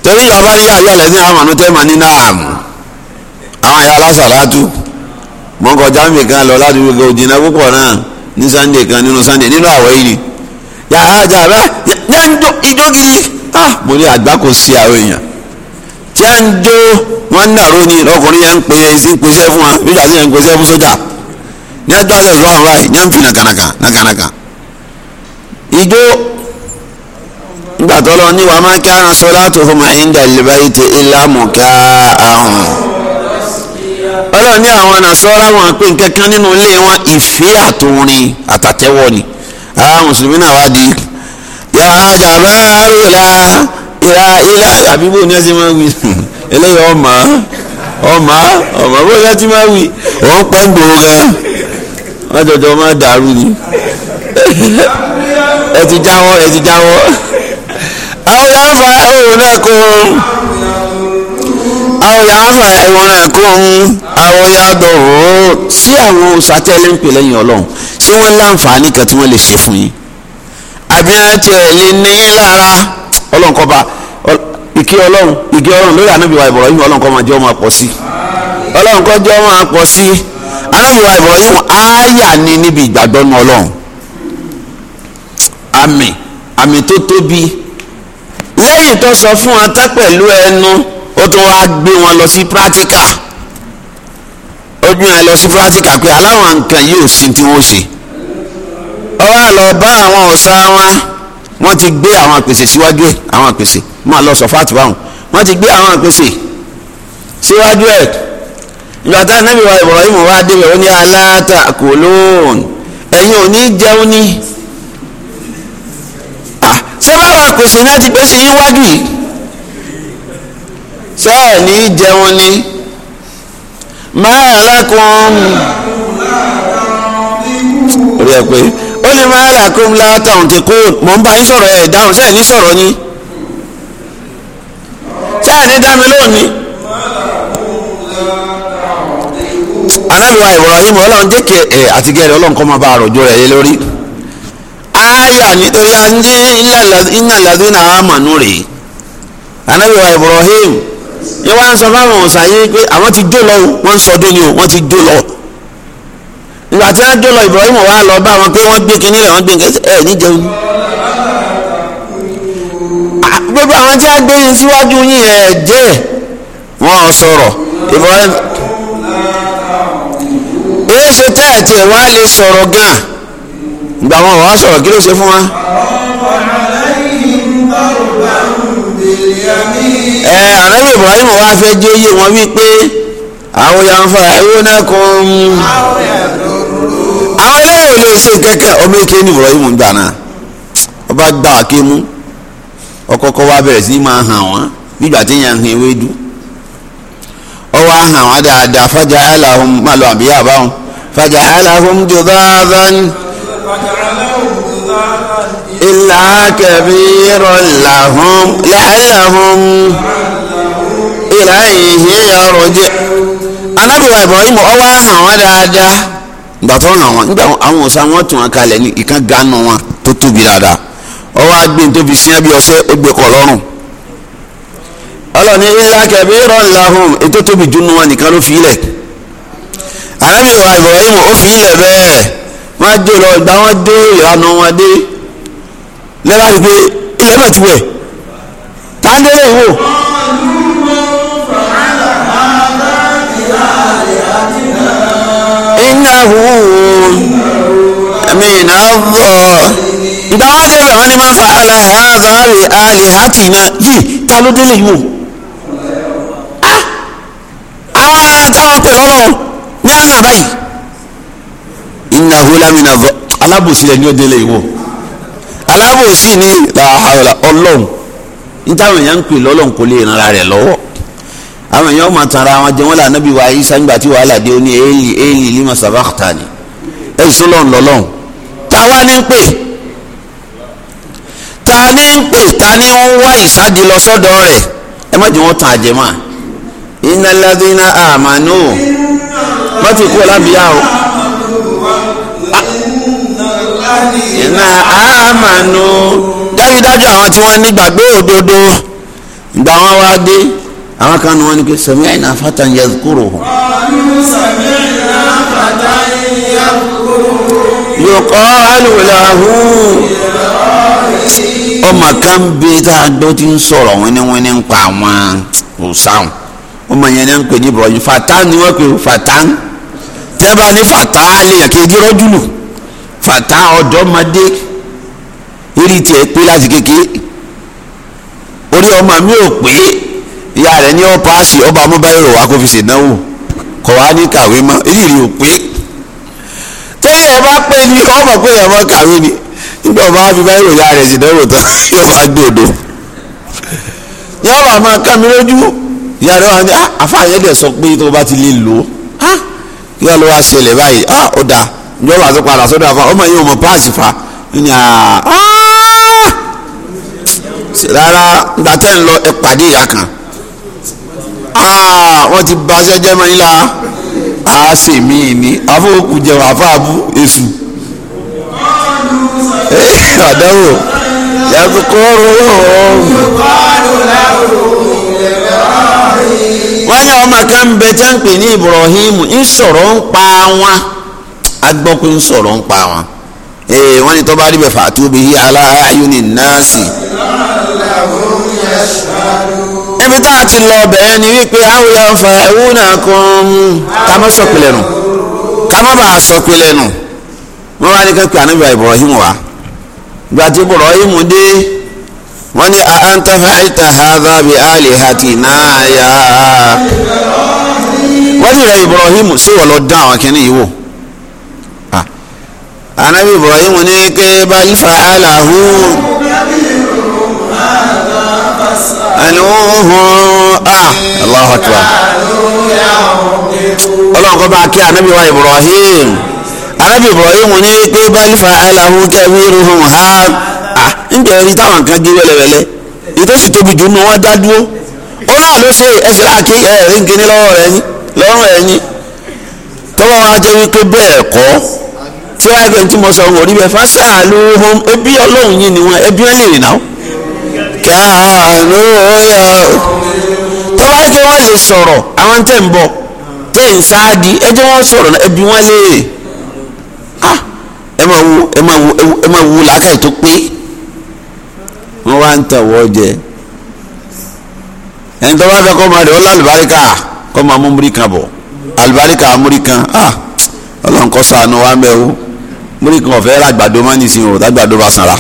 torí yorùbá ní yàrá àwọn ní náà àwọn ya alásàlátù mọ̀ ń kọjá kan lọ ládùúgbò kan púpọ̀ náà ní sunday kan nínú sunday nínú àwọ̀ yìí yà á jà yà ń jó ijó gidi ah mo ní èèyàn tí a ń jó ń dàrú ni ọkùnrin ya ń pè é sí pèsè fún wa ń pèsè fún sójà ní báyìí ní ń fi nàkànàkà nàkànàkà lọ ní wàá kí ọlọ́run ní àwọn nàṣọ́ra wọn pé nǹkan kan nínú ilé wọn ìfẹ́ àtòrin àtàtẹ́wọ́ ni mùsùlùmí náà wá di yàrá jàmbá àrùlá ìlà ìlà àbí bò ní ẹ ti máa wí eléyìí ọmọ ọmọ ọmọ bò ní ẹ ti máa wí wọn pẹ́ ń gbòó gan wọn jọjọ máa dàrú ni ẹ ti jáwọ́ ẹ ti jáwọ́ àwọn yàrá fà áwòrán náà kọ́ ọ́ àwòyá afa ìwọ̀nra kún àwòyá dọ̀rọ̀. sí àwọn sátẹ́lẹ̀ ń pè lẹ́yìn ọlọ́run sí wọ́n láǹfààní kan tí wọ́n lè ṣe fún yín àbí àti ẹ̀lẹ́ ní lára ọlọ́run kọba ìkẹ́ ọlọ́run ìkẹ́ ọlọ́run lórí ànábìwá Ibrahim ọlọ́run kọ́ máa jẹ́ ọmọ àpọ̀ sí ọlọ́run kọ́ jẹ́ ọmọ àpọ̀ sí ànábìwá Ibrahim ááyà ni níbi ìgbàgbọ́ nu ọlọ́run àmì àmì tó tóbi lẹ́yìn tó sọ fún ata pẹ̀lú ẹnu. E ó tún wá gbé wọn lọ sí pírátíkà ó gbé wọn lọ sí pírátíkà pé aláwọn nǹkan yìí ò sí tí wọ́n ṣe ó wá lọ bá àwọn ọ̀sá wọn wọ́n ti gbé àwọn àpèsè síwájú ẹ̀ àwọn àpèsè máa lọ sọ fáàtì báwọn wọ́n ti gbé àwọn àpèsè síwájú ẹ̀ ìgbà tá ànábì wa Ibrahim wá débẹ̀ ó ní aláta kò lóòn ẹ̀yin ò ní jẹun ní ah, ṣé báwọn àpèsè náà ti gbé yín wájú yìí. sẹ́ẹ̀ ní jẹun ni máa lákun orí ẹ pé ó ní máa lákun látàwọn ti kú mò ń bá yín sọ̀rọ̀ ẹ̀ dáhùn sẹ́ẹ̀ ní sọ̀rọ̀ ni sẹ́ẹ̀ ní dá mi lónìí. anábìwá ibrahim ọlọ́run jẹ́ kí ẹ̀ àtìgẹ́ rẹ̀ máa bá àròjọ yé lórí nítorí yẹn wá sọ fáwọn ọ̀sàyé pé àwọn ti jó lọ wọ́n ń sọdún ni o wọ́n ti jó lọ ìgbà tí wọ́n jó lọ Ibrahim wá lọ bá wọn pé wọ́n gbé kinní rẹ̀ wọ́n gbé nǹkan ẹ̀ ní jẹun ah, gbogbo àwọn tí wọ́n gbé yín síwájú yín ẹ̀ jẹ́ wọ́n sọ̀rọ̀ Ibrahim èyí ṣe tá ẹ̀ tiẹ̀ wá lè sọ̀rọ̀ gan ìgbà wọn wọ́n sọ̀rọ̀ kí ló ṣe fún wa. ẹ Ibrahim wá fẹ́ jẹ́ yé wọn wípé àwọn yànfà ìwọ́nà kan. àwọn eléyìí lè ṣe kẹ́kẹ́ ọmọ èké ní Ibrahim gbà náà ọba gba àké mú ọkọ̀ọ̀kọ̀ wa bẹ̀rẹ̀ sí máa hàn wọ́n nígbà tí yàn hàn ewédú ọwọ́ ahàn wọ́n dáadáa fájà aláhùn má lọ àbí yàrá wọn fájà aláhùn dùbàbàn ìlà kẹbí rọlàhùn làálàhùn. la ìhìn ẹ̀yà ọ̀rọ̀ jẹ́ anábìwá Ibrahim ọwọ́ hàn wọ́n dáadáa ìgbà tó hàn wọ́n àwọn wọn tún wọn ní ìkan ganu wọn tó tóbi dáadáa ọwọ́ agbẹ́ni tó bí gbé kọ́ lọ́rùn ọlọ́ni ilá kẹ̀bí ètò tóbi wọn nìkan ló fi Ibrahim ó fi lọ wọn dé ìlànà wọn pé a من الظالمين إذا وجد من ما فعل هذا بآلهتنا yìí ta ló délé yìí wò àwọn táwọn pè ọ́ ní àná báyìí iná hulamina alábòsí rẹ̀ ní ó délé yìí wò alábòsí ni làhàlà ah, ọlọ́run nítawọn èèyàn ń pè lọ́lọ́run kò lè ran ara rẹ̀ lọ́wọ́ àwọn èèyàn máa tara àwọn jẹ wọn là nábì wa Isa nígbà tí wàhálà dé ó ní èèlì èèlì lima sabakta ni èyí sọlọ́n lọ́lọ́n táwa ní ń pè ta ní ń pè ta ní ń wá ìsádi lọ sọ́dọ̀ rẹ̀ ẹ má jẹ́ wọ́n tàn àjẹmọ́ innal ladhina amanu má ti kú ọlábìyá o iná àmànù dájúdájú àwọn tí wọ́n ní òdodo ìgbà wọn wá dé àwọn kan ní wọn ni pé sami'na fatan yadhkuruhu. sami'na fatan yadhkuruhu. yuqalu lahu. ọmọ kan bẹ tá a gbọ́ ti ń sọ̀rọ̀ wíníwíní ń pa àwọn òsáwọn ọmọ yẹn náà ń pè ní Ibrahim fatan ni wọ́n pè fatan tí a bá ní fata àlèyàn kejì rọ́júlù fata ọ̀dọ́mọdé eré tiẹ̀ pé láti kékeré orí ọmọ mi ò pé. ìyá rẹ̀ ní ọ paasi ọba amúbáyọ̀rọ̀ wa kò fi ṣèdánwò kọ̀ wá ní kàwé mọ́ èyí rí o pé tẹ́lẹ̀ ẹ bá pé ní pé mọ́ kàwé ni nígbà ọba amúbáyọ̀rọ̀ ìyá rẹ̀ ṣèdánwò tán yóò wá gbé odò yóò wá máa kàn lójú ìyá rẹ̀ wá ní ah, àfa dẹ̀ sọ pé tó bá ti lè lò kí wọ́n lọ wá ṣẹlẹ̀ báyìí ah, ó dà padà sọ́dọ̀ àfa ọmọ yìí ò fa ní ah, Ah, wọ́n ti ba sẹ́jẹ́ mọ́ yín la a ṣe mí ni afọ́kù jẹun àfáàbù èṣù. Eh, àdáwò yàtọ̀ kọ́rọ̀ wọ́n ní ọmọ kan ń bẹ tẹ́ ń pè ní Ibrahim ń sọ̀rọ̀ ń pa wọn agbọ́pẹ́ ń sọ̀rọ̀ ń pa wọn ee eh, wọ́n ní tó bá fàtúbi ala ayuni nasi. tá ti lọ bẹ̀rẹ̀ ni wípé àwòyá ń fa ewu náà kan ká má sọ̀pẹ̀lẹ̀ nù ká má bàa sọ̀pẹ̀lẹ̀ nù wọ́n wá ní kẹ́kẹ́ àníbà Ibrahim wá gbàtí Ibrahim dé wọ́n ní a'anta fa'alta hadha bi alihatina ya wọ́n ní rẹ̀ Ibrahim sí wọ́n lọ dán àwọn kìnìún yìí wò anabi Ibrahim ní kẹ́ bal fa'alahu. نوح ah Allahu Akbar ọlọ́run kọ́ bá kí anabi wa Ibrahim anabi Ibrahim ní pé bẹ́ẹ̀ni fa alahu kẹ́míìrì hàn ha ah níbi ah, ẹ̀rí táwọn kan gé wẹ́lẹ́wẹ́lẹ́ ìtòsí tóbi jù nù wọ́n dá dúró ló ṣe yín yín wa wípé kánú yọ. tọ́wá yìí kí wọ́n lè sọ̀rọ̀ àwọn tẹ̀ ń bọ̀ tẹ̀ ń sáàdì ẹ jẹ́ wọ́n sọ̀rọ̀ ẹ bí wọ́n léèrè ẹ máa wu ẹ máa wu ẹ máa wu làákàyè tó pé wọ́n wá ń tọ̀wọ́ jẹ ẹni tó bá fẹ́ kọ́ máa rẹ̀ ó lálùbáríkà kọ́ máa mú múrí bọ̀ àlùbáríkà múrí kan ọlọ́run kọ́ wa mẹ́ o múrí kan ọ̀fẹ́ ràgbàdo má nìsín o ràgbàdo bá sanra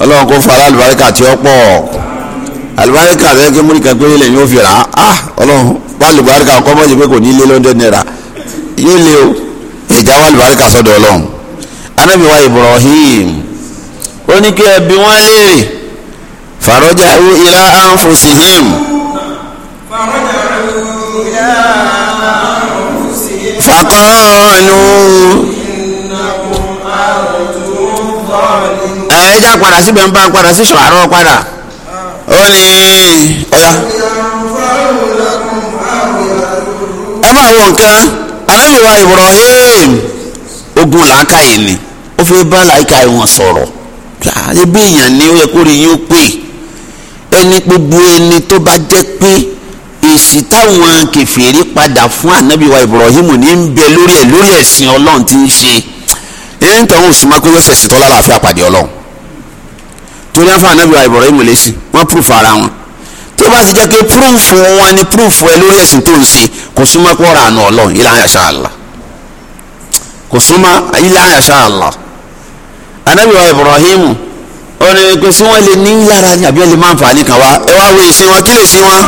ọlọ́run kò fara àlùbáríkà tí ó pọ̀ àlùbáríkà tó yẹ kí múlì kan péré lẹ́yìn ó fi rà á ah, ọlọ́run wà àlùbáríkà ọkọ mọ́jú pé kò ní lé lọ́dẹ náírà yóò lé o ìjà wà àlùbáríkà sọ́dọ̀ ọlọ́run anábì Ibrahim ó ní kí ẹbí wọn léèrè fàrọjà ru ilá anfusihim. fàrọjà ru padà síbẹ̀ ń bá ń padà sí ṣọ̀hárọ̀ padà ó ní ẹ̀yà. ẹ bá àwọn nǹkan aláwọ̀ Ibrahim ogun làákàyè ni ó fi bá làákàyè wọn sọ̀rọ̀ ebi èèyàn ni ó yẹ kó rí yóò pè ẹni gbogbo ẹni tó bá jẹ́ pé èsì táwọn kèfèrí padà fún ànábì wa Ibrahim ní ń bẹ lórí ẹ̀ lórí ẹ̀sìn Ọlọ́run tí ń ṣe ẹni tó ń sùnmọ́ pé yóò fẹ̀sìn lálàáfíà pàdé Ọlọ́run torí àfa anabi wa Ibrahim lẹ́sìn wọ́n proof ara wọn tó bá ti jẹ́ pé proof wọn ni proof ẹ lórí ẹ̀sìn tó ń ṣe kò súnmọ́ kó ra àna ọlọ́run ilá àyàṣá Allah kò súnmọ́ ilá àyàṣá Allah anabi wa Ibrahim ọ̀nà ìpè sí wọn lè ní lára ní àbí ẹ lè má nfa ní kan wá ẹ wá wo èsì wọn kí lè sí wọn.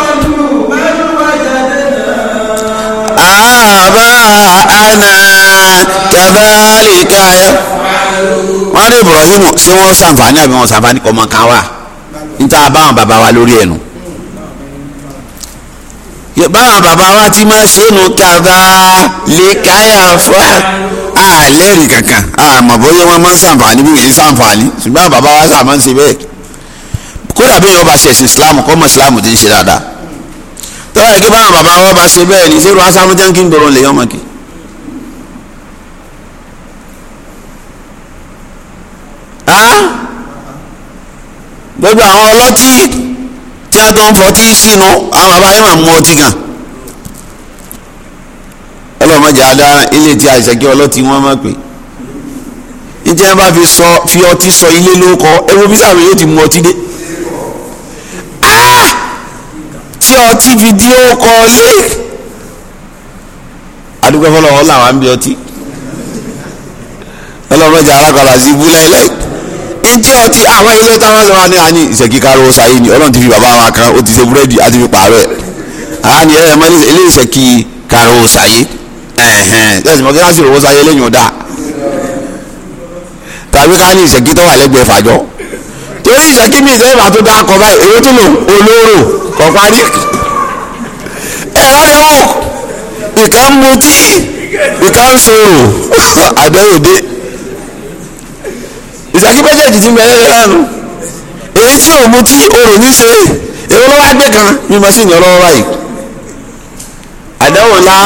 àbá àna kàdálíkà yẹn wọ́n rí Ibrahim ṣé wọ́n ṣàǹfààní àbí wọ́n ṣàǹfààní kọ́ ọmọ kan wà níta báwọn bàbá wa lórí ẹnu báwọn bàbá wa ti máa ṣe nu kàdá lè káyà fún àlẹ́rìí kankan àmọ́ bóyá wọ́n máa ń ṣàǹfààní bí wọ́n ń ṣàǹfààní ṣùgbọ́n bàbá wa ṣàmọ́ ń ṣe bẹ́ẹ̀ kódà bí wọ́n bá ṣe ẹ̀sìn Islam kọ́ mọ̀ Islam ti ń ṣe dáadáa tọ́lá yìí kí báwọn bàbá wa bá ṣe bẹ́ẹ̀ ní sẹ́rù asámújẹ́ńkì ń dọ̀rọ̀ lè yọ̀mọ̀kì gbogbo àwọn ọlọ́tí tí a tó ń fọtí sínú àwọn bàbá yẹn máa mú ọtí gan ọlọ́mọdé adá ilé tí àìsèké ọlọ́tí wọ́n máa pè níta yẹn bá fi sọ fi ọtí sọ ilé lóko ewu bí sáà yóò ti mú ọtí dé ah! tí ọtí fi di ókọ ilé adúgbò fọlọ́wọ́ làwọn ń bí ọtí ọlọ́mọdé alákọ̀ọ́lá sí ibú lẹ́lẹ́yìí ìjẹ́ ti àwọn iṣẹ́ táwọn sọ wọn ni àní ìṣègì karùn ṣayé ni ọlọ́run ti fi bàbá wa kan ó ti ṣe búrẹ́dì àti fi pààrọ̀ ẹ̀ àní ẹ̀ mọ ní ilé ìṣègì karùn ṣayé tẹ̀sí mọ́ kí wọ́n sì rówó ṣayé lẹ́yìn ọ̀dà tàbí ká ní ìṣègì tó wà lẹ́gbẹ̀ẹ́ fàjọ́ torí ìṣègì mi ìṣẹ́ ìbà tó dá akọ báyìí èyí tó lò olóró kọ̀ parí ẹ̀rọ ìwò ìkànnì tí ìkànnì sòrò àgbẹ̀yòdè ìsàkí méjèèjì ti bẹ̀rẹ̀ rẹ̀ lánàá èyí tí òun mutí orò ní ṣe èwo ló wá gbé kan bí machine ọlọ́wọ́ báyìí àdáwò ńlá.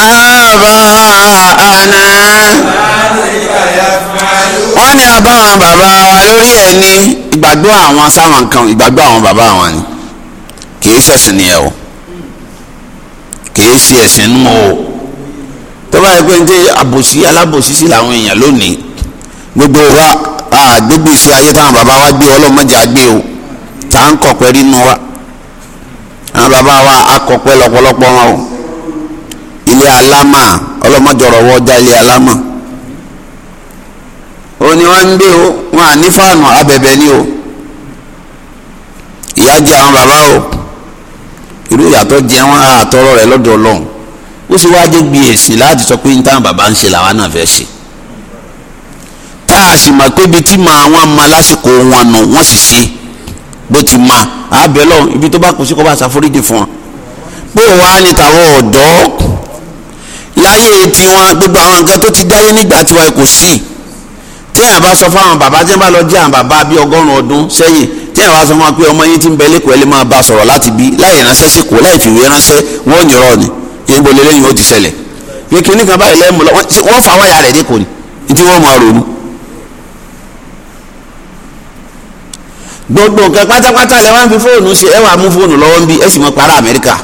àbáàna wọ́n ní àbáwọn bàbá wa lórí ẹ̀ ní ìgbàgbọ́ àwọn sáwọn nǹkan ìgbàgbọ́ àwọn bàbá wọn ni kì í ṣẹ̀sìn nìyẹn o kì í ṣe ẹ̀sìn nù o tó bá yẹ pé ní àbòsí alábòsí sí làwọn èèyàn lónìí gbogbo wa àgbégbèsè ayé táwọn bàbá wa gbé ọlọ́mọdé àgbé o tá à ń kọ̀pẹ́ nínú wa àwọn bàbá wa akọ̀pẹ́ lọ́pọ̀lọpọ̀ wọn o ilé alámà ọlọ́mọdọ̀rọ̀ wọ́ọ́dá ilé alámà ó ní wọ́n ń gbé o wọn à ní fáànù abẹ̀bẹ̀ ni o ìyá jẹ àwọn bàbá o irú ìyàtọ̀ jẹ wọn àtọrọ rẹ lọ́dọ̀ ọlọ́run sì wá jẹ́ bí ẹ̀sìn láti sọ pé nítawọn bàbá ń ṣe làwa náà fẹ́ ṣe tá a sì mọ̀ pé ibi tí màá wọn mọ lásìkò wọn nù wọ́n sì ṣe bó ti mọ àbẹ̀ lọ ibi tó bá kù sí kó bá ṣàforíjì fún wọn pé wàá ní tàwọn ọ̀dọ́ láyé tiwọn gbogbo àwọn nǹkan tó ti dáyé nígbà tiwa kò sí téèyàn bá sọ fún àwọn bàbá tí bá lọ jẹ àwọn bàbá bíi ọgọ́rùn ọdún sẹ́yìn téèyàn bá sọ fún wọn pé ọmọ yín ti ń bẹ lẹ́kọ̀ọ́ ẹ lè máa bá sọ̀rọ̀ láti bí láì ránṣẹ́ sí kò láì fìwé ránṣẹ́ wọn ò ní rọ ni ìbò lélẹ́yìn ó ti ṣẹlẹ̀ pé kí nìkan báyìí lẹ́mú lọ wọ́n fa wáyà rẹ̀ dẹ́kọ̀ ni tí wọ́n máa ronú. gbogbo nǹkan pátápátá lẹ wá ń fi fóònù ṣe ẹ wàá mú fóònù lọ́wọ́ ń ẹ sì mọ para Amẹ́ríkà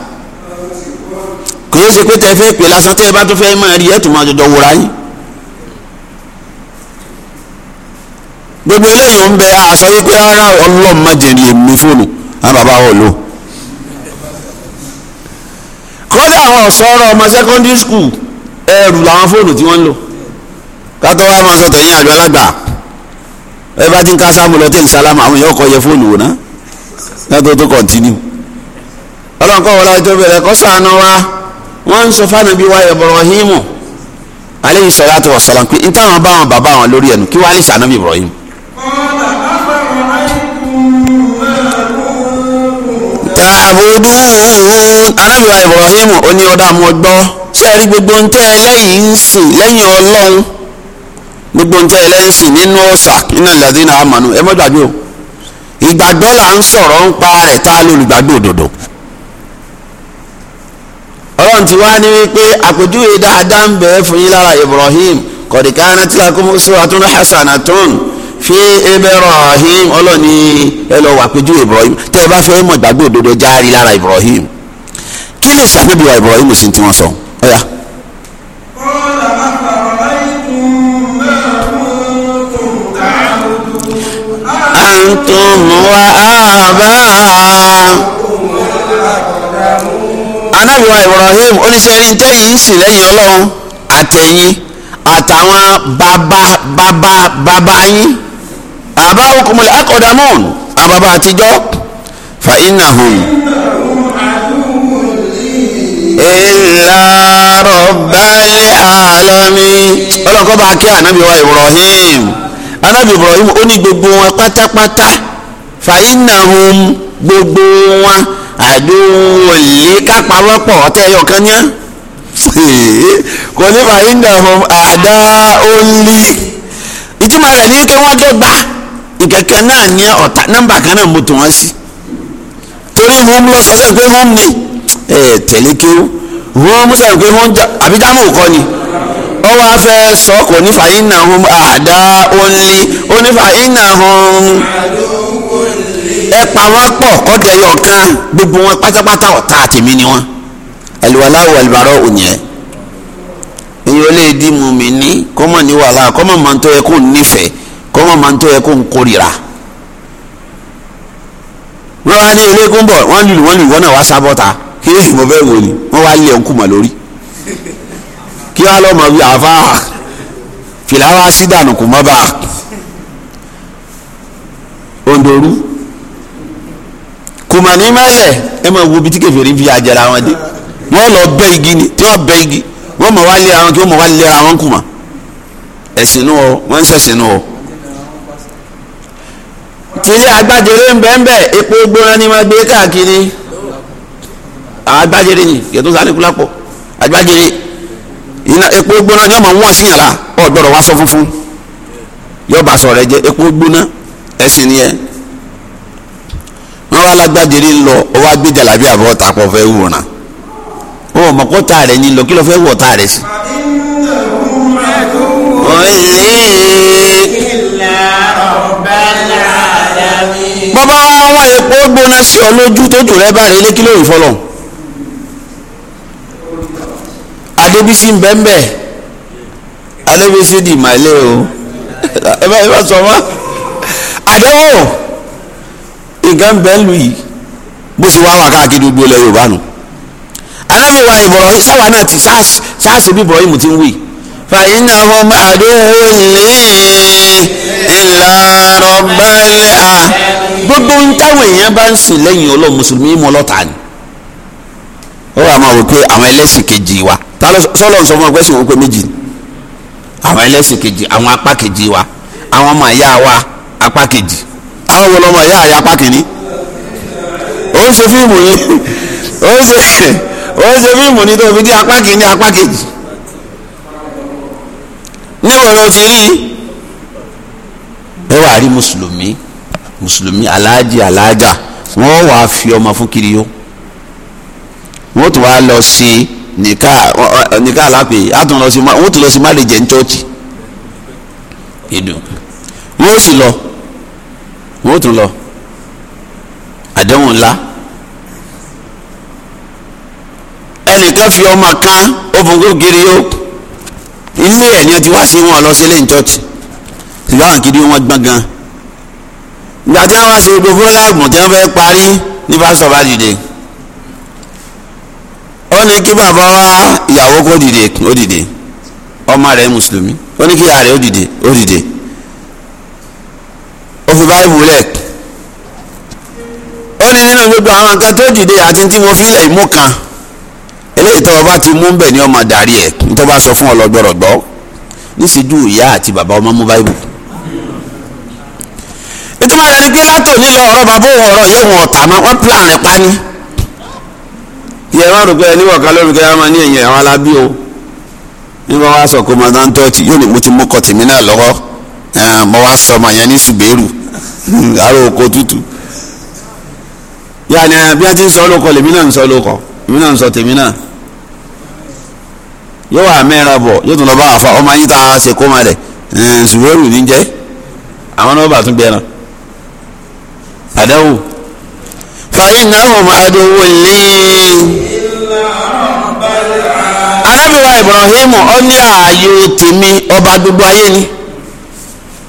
kì í ṣe pé tẹ fẹ́ pè lásán tẹ́ bá tó fẹ́ máa rí ẹ tó máa jọjọ gbogbo eléyìí ń bẹ yìí pé kódà àwọn sọ̀rọ̀ ọmọ secondary school ẹrù làwọn fóònù tí wọ́n ń lò kátó wá máa sọ tẹ̀yìn àjọ alágbà ẹ bá ti ń ká sáàmù lọ tẹ̀yìn sálámù àwọn kọ yẹ fóònù wò ná kátó tó nke ọlọ́nkọ́ wọlé ọjọ́ bẹ̀rẹ̀ kọ́ wa wọ́n ń sọ fáànù bí wáyé Ibrahimu aleyhi salatu wa salam pé n táwọn bá wọn bàbá wọn lórí ẹnu kí ní sànù Ibrahim. àbúrúdú alábìwá Ibrahim oní ọ̀dà mọ̀ gbọ́ ṣe rí gbogbo ń tẹ́ ẹlẹ́yìn ń sìn lẹ́yìn ọlọ́run gbogbo ń tẹ́ ẹlẹ́yìn sìn nínú ọ̀sà nínú ìlàdínà àmọ́nú ẹ mọ́ gbàgbé o ìgbàgbọ́ là ń sọ̀rọ̀ ń pa rẹ̀ tá a lè olùgbàgbọ́ òdodo ọlọ́run ti wá ní wípé àpèjúwe dáadáa ń bẹ fún yín lára Ibrahim kọ̀dìkánátìlákùn mọ́sùwàtún hasanatun fi Ibrahim ọlọ́ni ẹ lọ wà péjú Ibrahim tẹ́ ẹ bá fẹ́ mọ̀ ìgbàgbọ́ òdodo járe lára Ibrahim kí ni sàpébù Ibrahim sì ti wọ́n sọ ọ yá. أنتم وآباؤكم Ànábì Ibrahim oníṣẹ́ni tẹ́yìn ń sìn lẹ́yìn Ọlọ́run àtẹ̀yìn àtàwọn bàbá bàbá bàbá yín àbá okumul akọ̀dàmọ́n àbàbà àtijọ́ fa innahum. illa rabbal alamin. ọlọ́kọ́ bá kí anabi wa ibrahim anabi ibrahim ó ní gbogbo wọn pátápátá fa innahum gbogbo wọn àdúrà yìí kápá lọ́pọ̀ ọ̀tẹ́ ẹ̀yọ̀ kan ní kò ní fa innahum àdá ó ìtumọ̀ rẹ̀ ní kí wọ́n jọ ìkẹ̀kẹ́ náà ní ọ̀tá nọ́mbà kan náà mo tò sí torí home lọ sọ pé home ni ẹ tẹ̀lé kí ó home sọ pé home àbíjámù kọ́ ni ó wá fẹ́ sọ kò ní fàyín home àdá òní onífàyín náà home ẹ pa wọ́n pọ̀ ọ̀dọ̀ ẹ̀yọ̀ kan gbogbo wọn pátápátá ọ̀tá tèmi ni wọ́n àlùwàláwò àlùbárọ̀ òní ẹ̀ èyí ó lè dí mi ní kọ́mọ̀ ní wàhálà kọ́mọ̀ máa ń tọ́ ẹ kó nífẹ̀ẹ́ kọ́mọ máa ń tó yẹ kó ń kórìíra wọ́n wá ní eléégún bọ̀ wọ́n lùlù wọ́n lùlù wọ́n náà wá sábọ́ta kí lè mọ bẹ́ẹ̀ wò ni wọ́n wá lé ọ̀nkú mọ̀ lórí kí wọ́n lọ́ mọ̀ bí àfa fìlàwọ́ aṣídànù kò mọ́ bá ondoru kùmọ̀ní mẹ́sẹ̀ ẹ máa wo bití kẹfẹ́ fi àjẹrà wọn dé wọ́n lọ bẹ́ igi ni tí wọ́n bẹ́ igi wọ́n mọ̀ wá lé ara wọn kí wọ́n mọ̀ wá lé ara wọn ẹ̀sìn nù wọ́n ń sẹ̀sìn nù tílé agbájere ń bẹ́ẹ̀ epo gbóná ni máa gbé káàkiri agbájere ni yẹtọ sani kula pọ agbájere iná epo gbóná ni ọmọ wọn sí yàrá ọgbọdọ wa sọ funfun yọba sọrọ ẹ jẹ epo gbóná ẹsìn ni ẹ wọn wá lágbájere ń lọ ọwọ agbèjà làbí àbọ tapọ fẹ wòran wọn mọ kó tá rẹ ni lọ kí lọ fẹ wọ tá rẹ sí. ọ̀hìn ní ìlà ọ̀bẹ bọ́bá wọn epo gbóná sí ọ lójú tójú rẹ bá rí lékí lórí fọlọ adébísí ń bẹ́ńbẹ́ adébísí di ìmàlẹ́ o ẹ bá ẹ bá sọ wọn àdéhùn nǹkan bẹ́ẹ̀ lù yìí bó ṣe wá wà káàkiri gbogbo ilẹ̀ yorùbá nù aláwọ̀ wa ìbọ̀rọ̀ sáwà náà ti sáàsì bí ibrahim ti ń wì fàyín náà wọn máa dóhùn lẹ́ẹ̀. gbogbo a èèyàn bá ń sìn lẹ́yìn ọlọ́run mùsùlùmí mọ́ lọ́ta ni ó wà máa wò pé àwọn wa sọ́lọ́ ń sọ fún ọgbẹ́sìn òun pé méjì àwọn ẹlẹ́sìn kejì àwọn apá kejì wa àwọn ọmọ wa apá kejì àwọn wo lọmọ ìyá àyà apá kìíní ó ń ṣe fíìmù ó ń ṣe ó ń ṣe fíìmù tó fi apá kìíní apá kejì ẹ wàá rí mùsùlùmí mùsùlùmí aláàjì aláàjà wọ́n wàá fi ọmọ fún kiri yó wọ́n tún wàá lọ sí nìka nìka alápè àtún lọ sí wọ́n tún lọ sí máàlì jẹ́ ní chọ́ọ̀chì ìdùn wọ́n sì lọ wọ́n tún lọ àdéhùn ńlá ẹnìkan fi ọmọ kan ó fún kó kiri yó inú ẹ̀ ni ó ti wá sí wọn lọ sí lẹ́yìn chọ́ọ̀chì sìgá wà kiri wọn gbọ́n gan ìgbà tí wọ́n ṣe gbogbo fúlọ́ọ̀mù tí wọ́n fẹ́ parí ní pásítọ̀ bá dìde ó ní kí bàbá wa ìyàwó kó dìde ó dìde ọmọ rẹ̀ mùsùlùmí ó ní kí ìyá rẹ̀ ó dìde ó dìde ó fi báyìí lẹ̀ ó ní nínú gbogbo àwọn nǹkan tó dìde àti tí mo fi lẹ̀ mú kan eléyìí tó o bá ti mú bẹ̀ ni ọmọ darí ẹ̀ tó bá sọ fún ọ lọ gbọ́rọ̀ gbọ́ níṣìjú ìyá àti bàbá ọmọ mú báyìí nítorí wọn yẹn pé látò nílò ọ̀rọ̀ bàbá òun ọ̀rọ̀ yẹ wọn ọ̀tà mọ́ wọn pílà rẹ̀ pa ni. yẹ wọn rò pé ẹni wọ̀ká lórí kẹ́yà máa ní ẹ̀yìn àwọn alábí o nígbà wàá sọ pé mọ̀tà ń tọ́ ti yóò ní mo ti mọ́kọ̀ tèmi náà lọ́wọ́ mo wá fi ọmọ yẹn ní sùgbẹ́rù àrò oko tútù. yàní bí wọ́n ti ń sọ lóko lèmi náà ń sọ lóko èmi náà ń sọ tèmi náà yóò wà mẹ́ra bọ̀ yóò tún lọ bá àfa ọmọ yìí tá a ṣe kó ma rẹ̀ sùgbẹ́rù ní jẹ́ àwọn náà bá tún gbẹ́ràn. àdáwò fàyínà ọmọ adówó lé arábìwá Ibrahim ó ààyè tèmi ọba gbogbo ayé ni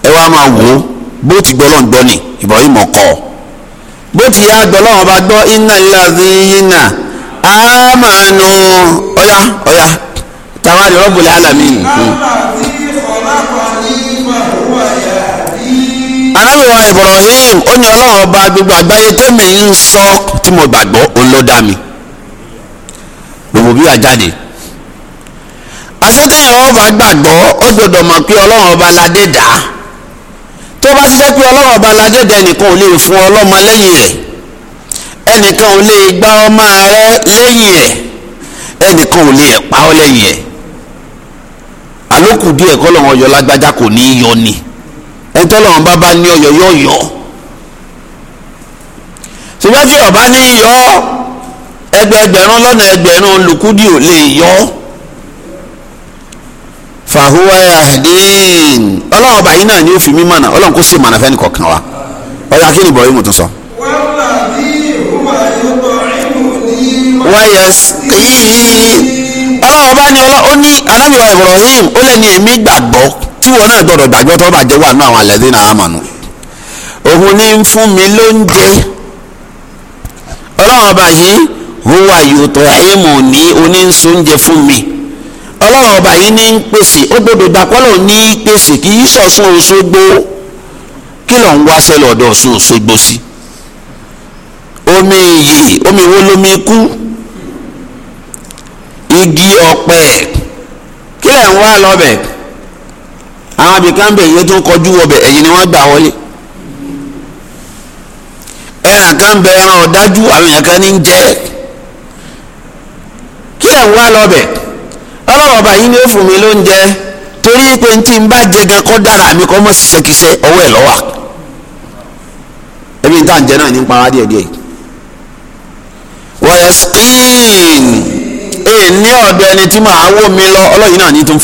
ẹ wá máa wò ó bó ti gbọ́ lọ́n gbọ́ ni Ibrahim kọ́ bó ti yá gbọ́ lọ́n ọba gbọ́ iná lazina amanu ọ̀yá ọ̀yá tàwa arábìnrin Ibrahim onye ní ọlọ́run ọba gbogbo àgbáyé tẹ́mi ń sọ tí mo gbàgbọ́ òun mi gbogbo bí wàá jáde ọba gbàgbọ́ ó gbọdọ̀ mọ̀ pé ọlọ́run ọba ládé dá tó bá ti jẹ́ pé ọlọ́run ọba ládé dá ẹnìkan ò lè fún ọlọ́mọ lẹ́yìn rẹ̀ ẹnìkan ò lè ọmọ rẹ lẹ́yìn ẹnìkan ò lè pa lẹ́yìn yọ ni. ẹtọ́lọ́wọ́n bá bá ní ọyọ yọ yọ ṣùgbọ́n tí ọba ní yọ ẹgbẹẹgbẹ̀rún lọ́nà ẹgbẹ̀rún lùkúdì ò lè yọ fàhùwà yahdin ọlọ́wọ́n ọba yìí náà ni ó fi mí mọ̀nà ọlọ́wọ́n kó sì mọ̀nà fẹ́ni kọ̀ọ̀kan wa ọ̀yà kí ni bọ̀ yìí mo tún sọ. wáyà kìí ọlọ́wọ́n ọba ni ọlọ́wọ́ ó ní anábìwá Ibrahim ó lè ní gbàgbọ́. tí wọn náà gbọdọ̀ gbàgbọ́ tó bá jẹ́ wà ní àwọn àlẹ́dín náà àmọ̀nù òun ní ń fún mi lóúnjẹ ọlọ́run ọba yìí huwa yòótọ́ ìmù ní oníṣoúnjẹ fún mi ọlọ́run ọba yìí ní ń pèsè ó gbọdọ̀ ní pèsè kì í Òṣogbo kí igi ọ̀pẹ kí ń àwọn abìkan bẹ̀ yóò tún kọjú wọbẹ̀ ni wọn gbà wọlé ẹran kan bẹ ẹran ọ̀dájú àwọn èèyàn kan ní ń jẹ́ kí ẹ̀ wá ọlọ́wọ́ ni ó fún mi lóúnjẹ torí pé n tí bá jẹ gan kọ́ dára mi kọ́ mọ́ ọwọ́ lọ́wọ́ ẹbí tá à ń lọ náà ní tó ń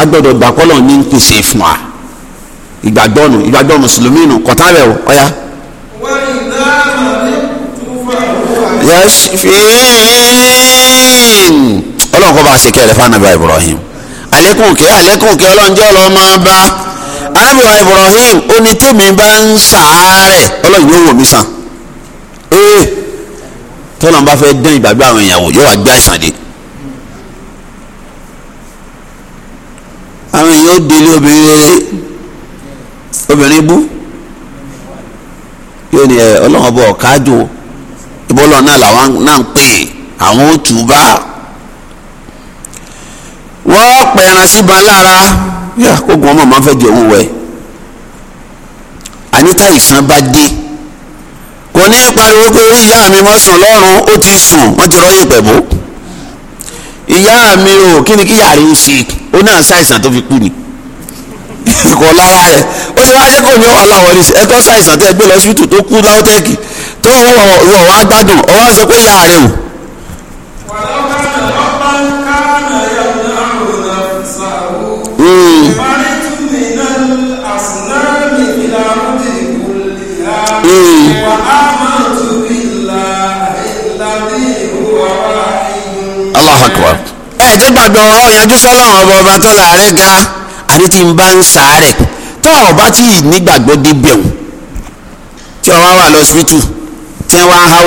a gbọ́dọ̀ gbà kọ́lọ̀ ní pèsè fún wa ìgbàgbọ́ nu ìgbàgbọ́ mùsùlùmí nu kọ́tà rẹ̀ o ọ̀ya. ọlọ́run kọ́ bá a ṣe kẹ́lẹ́ fún anabi Ibrahim alẹ́kùn òkè alẹ́kùn òkè ọlọ́njẹ́ ọlọ́mọ bá anabi Ibrahim ó ní tèmi bá ń sàárẹ̀ ọlọ́run yóò wò mí sàn ee tọ́lọ́n bá fẹ́ dán ìgbàgbọ́ àwọn èèyàn yóò wá gbé àìsàn dé. yóò délé obìnrin rere obìnrin bú yóò ní ẹ ọlọ́run ọba ọ̀kájò ìbọ́lọ̀ náà làwọn náà ń pè àwọn ò bá wọ́n pẹ̀ràn lára ọmọ máa ń fẹ́ jẹ òun wẹ̀ ìsàn bá dé kò ní pariwo pé ìyá mi máa sùn lọ́rùn ó ti sùn wọ́n ti rọ́yìn pẹ̀bú ìyá mi ò kí ni kí yàrá ń ṣe fi kú ni. kò lára rẹ̀ ó lè wá kẹ́kọ̀ọ́ mi wà láwọn ẹni ẹ̀tọ́ ṣàìsàn tẹ́ gbé lọ síbítù tó kú láwọ́tẹ́ẹ̀kì tó wọ́n wọ́n wọ́n wá gbádùn ọ sọ pé yà rẹ̀ wò. Hmm. Hmm. Hmm. ẹ jẹ́ gbàgbọ́ ọ̀yanjú sọ́lọ́run ọba ọba tó ga. àbí tí n bá ń sàárẹ̀ tó o bá tí ì nígbàgbọ́ débẹ̀ o kí o wá wà lọ síbítù tí wọ́n á ha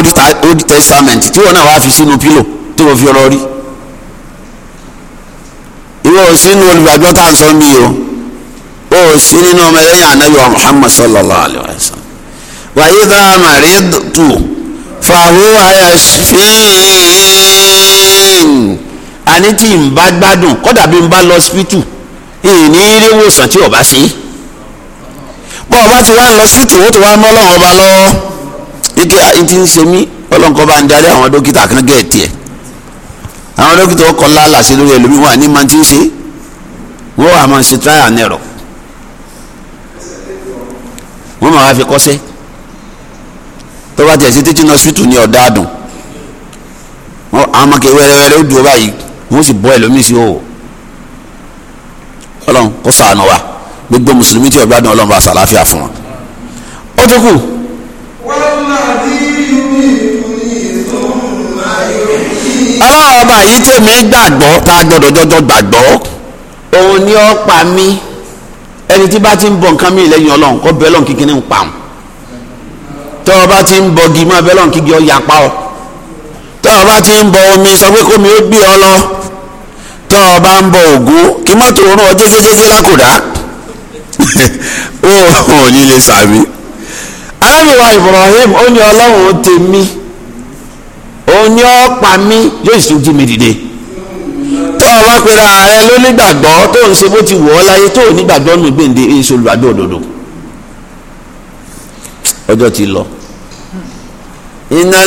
old testament tí wọ́n náà wá fi sínú pílò tí wọ́n fi ọ̀rọ̀ rí ìwọ sínú olùgbàgbọ́ tá à sọ mí o ó sí nínú ọmọ ẹlẹ́yìn anábì wa muhammad sallallahu alayhi wa sallam wa idha maridtu fa huwa yashfin àní tí n bá gbádùn kódà bí n bá lọ síbítù ìní ilé ìwòsàn tí ọba sí bọ́ ọba ti wá lọ síìtì wọ́n ti wá mọ́ ọlọ́run ọba lọ́wọ́ ike ti ń ṣe mí ọlọ́run kọ́ bá ń darí àwọn dókítà kan gẹ̀ẹ́tì ẹ̀ àwọn dókítà ọkọ̀ lálà sí lórí ẹlòmíì wà ní máa ti ń ṣe wọ́n wà máa ń ṣe trial nẹ̀rọ wọ́n máa wá fi kọ́sẹ́ tó bá tiẹ̀ sí títí náà síìtì ní ọ̀dà àdùn àwọn ọmọ kẹ wẹ́rẹ́wẹ́rẹ́ ó dùn ọ báyìí wọ́n sì bọ́ ẹlòmíì sí òwò ọlọ́run kó sàánú wa gbogbo mùsùlùmí tí ó gbádùn ọlọ́run bá sàlàáfíà fún wọn. ó tún kù. ọlọ́run ọba yìí tèmi gbàgbọ́ tá a gbọ́dọ̀ jọjọ gbàgbọ́ òun ni ó pa mí ẹni tí bá ti ń bọ nǹkan mi lẹ́yìn ọlọ́run kó bẹ́ẹ̀ lọ́n kíkiri ń pa tọ́ ọ bá ti ń bọ gímọ̀ bẹ́ẹ̀ lọ́n kíkiri yà pa ọ́ tọ́ ọ bá ti ń bọ omi sọ pé kómi ó gbé ọ lọ. tọ́ ọ bá ń bọ ògún kí mọ́tò ọ ó ní lè sàmì. Ibrahim ó ní ọlọ́run mi yóò sì mi dìde tọ́ ọ bá pera ẹ ló nígbàgbọ́ tó ń ṣe bó ti wọ̀ ọ́ láyé tó nígbàgbọ́ nù gbèǹde èso olùwàdó ọjọ́ ti lọ. iná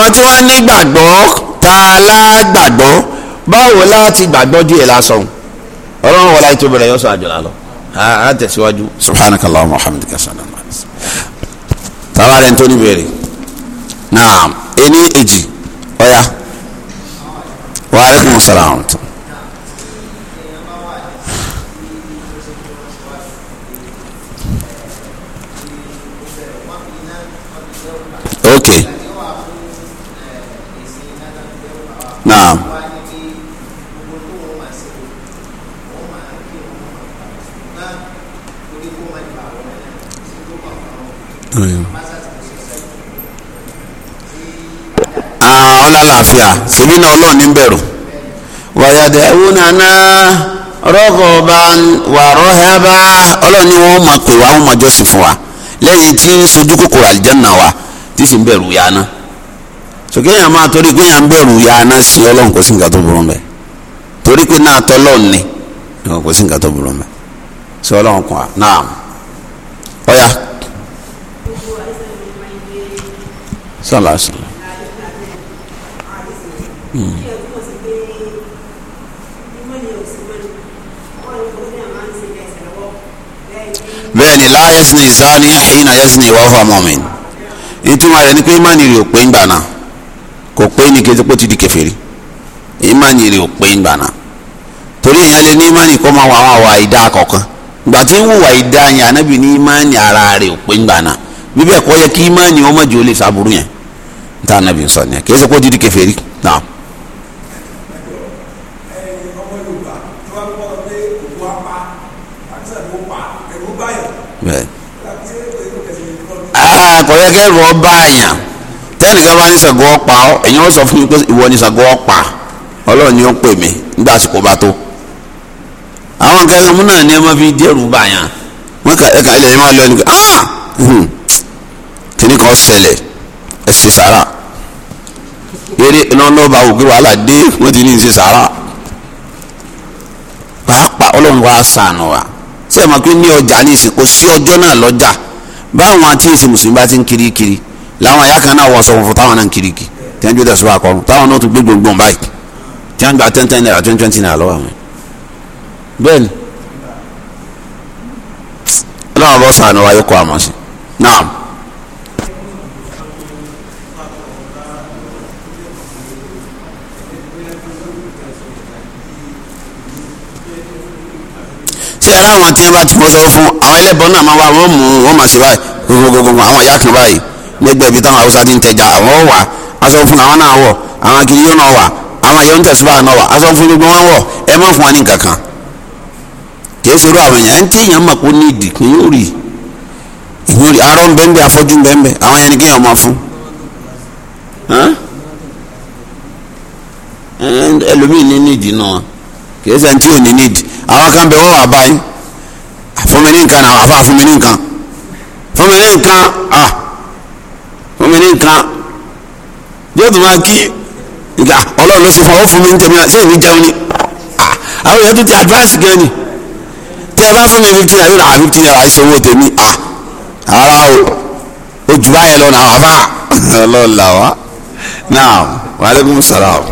àwọn tí wọ́n ní gbàgbọ́ tá a lá gbàgbọ́ báwo láti gbàgbọ́ díẹ̀ lásán ọlọ́run wọlé tó bẹ̀rẹ̀ yọ sọ àjọlá lọ a tẹ̀síwájú. subhanakallahumma wa hamdika sallallahu alaihi wasallam. tabaare tó ní bèrè naam ení èjì ọ̀ya wa alaikum salaam. okay. náà. Ah, ọlọ́láàfíà síbí náà ọlọ́run ní bẹ̀rù wàyàdẹ̀ ẹ̀wúnaná rọ́gọ̀ọ́bá wàrọ́hẹ́bá ọlọ́run ni wọ́n máa pè wá wọ́n máa jọ́sìn fún wa lẹ́yìn tí ń sojú kòkòrò àlìjáná wa tí sì ń bẹ̀rù yá sókè yẹn máa torí pé yẹn ń bẹ̀rù ya aná sí ọlọ́run kò sí nǹkan tó burú mẹ́ torí pé náà tọ́lọ́ ni kò sí nǹkan tó burú mẹ́ sọ ọlọ́run kan náà ọ̀ya. sọlá sọlá. bẹ́ẹ̀ ni láyé sinmi zaniya hina yẹ sinmi wọ́n fà mọ́min ìtumọ̀ rẹ̀ ni pé ìmánìrì ò pé ń gbà náà. kò pé ní kí ó ti di kèfèrí ìmánì rẹ̀ ò pé ńgbà torí èèyàn lè ní ìmánì kó máa wà àwọn àwà ìdá kọ̀ọ̀kan tí ń ìdá yẹn ànábì ní ìmánì ara rẹ̀ ò pé ńgbà náà bíbẹ̀ kọ́ yẹ kí ìmánì ọmọ jù ó lè sàbúrú yẹn níta ànábì sọ ni kì í ṣe ti di náà. Ah, yẹ báyà. tẹnìkan bá ní sago ọ̀pá ẹ̀yin ó sọ fún mi pé ìwọ ni Ṣàngó ọ̀pá ọlọ́run ni ó pè mí nígbà àsìkò bá tó àwọn nǹkan ẹ̀rọ múnà ni ẹ máa fi dẹ́rù kà ẹ̀ka ilẹ̀ máa lọ ah hmm. ṣẹlẹ̀ ẹ ṣe sàrà eré iná bá òkè wàhálà dé ti ní ṣe sàrà pàápàá ọlọ́run sànù wa máa ní ọjà ní sí ọjọ́ náà lọ́jà báwọn àti làwọn ìyá kan náà wọ sọ̀rọ̀ fún táwọn náà kiri kì tí wọ́n jó tẹ̀síwá akọrun táwọn náà tún gbé báyìí tí gba ten ten naira twenty twenty naira lọ́wọ́ àwọn. bẹ́ẹ̀ni ọlọ́run bọ́ sànù wa yóò kọ́ àmọ́ sí náà. ara aláwọn tí bá ti fọ́ fún àwọn ẹlẹ́bọn náà máa wá wọn mú máa ṣe báyìí gbogbogbò àwọn kan báyìí. lẹ́gbẹ̀ẹ́ ibi táwọn hausa ti ń tẹja àwọn wà aṣọ fún àwọn náà àwọn akiri náà wà àwọn èèyàn ń tẹ̀síwá náà wà aṣọ fún gbogbo wọn ẹ má fún wa ní nǹkan kan kìí ṣerú àwọn èèyàn ẹni téèyàn mọ̀ pé ní ìdì yóò rí rí arọ́ afọ́jú àwọn yẹn ni kéèyàn máa fún ní ní nǹkan yóò tún máa kí ìgbà ọlọ́run ló ṣe fún ọ fún mi ní tèmi àti èmi jẹun ni ah, àwọn èèyàn tó ti advice gan ni tí ẹ bá fún mi fifteen naira fifteen naira ṣe owó tèmi ah, ara o ojú báyẹn lọ náà àbá ọlọ́run là wá náà wàlẹ́kùn sàrà o.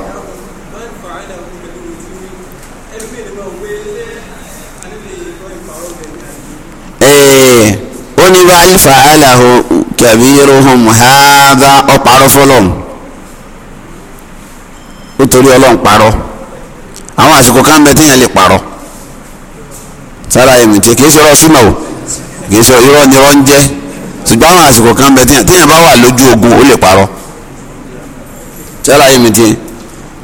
ẹ̀ẹ́. báyìí fa'alahu kabiruhum hadha ọ̀parọ́ fọlọ́m nítorí ha parọ́ àwọn àsìkò kan bẹ téèyàn lè parọ́ sára ẹ̀mí tí kìí sọ̀rọ̀ súnà o kìí sọ̀rọ̀ irọ́ ni irọ́ ń jẹ́ ṣùgbọ́n àwọn àsìkò kan bẹ téèyàn bá wà lójú ogun ó lè sára ẹ̀mí tí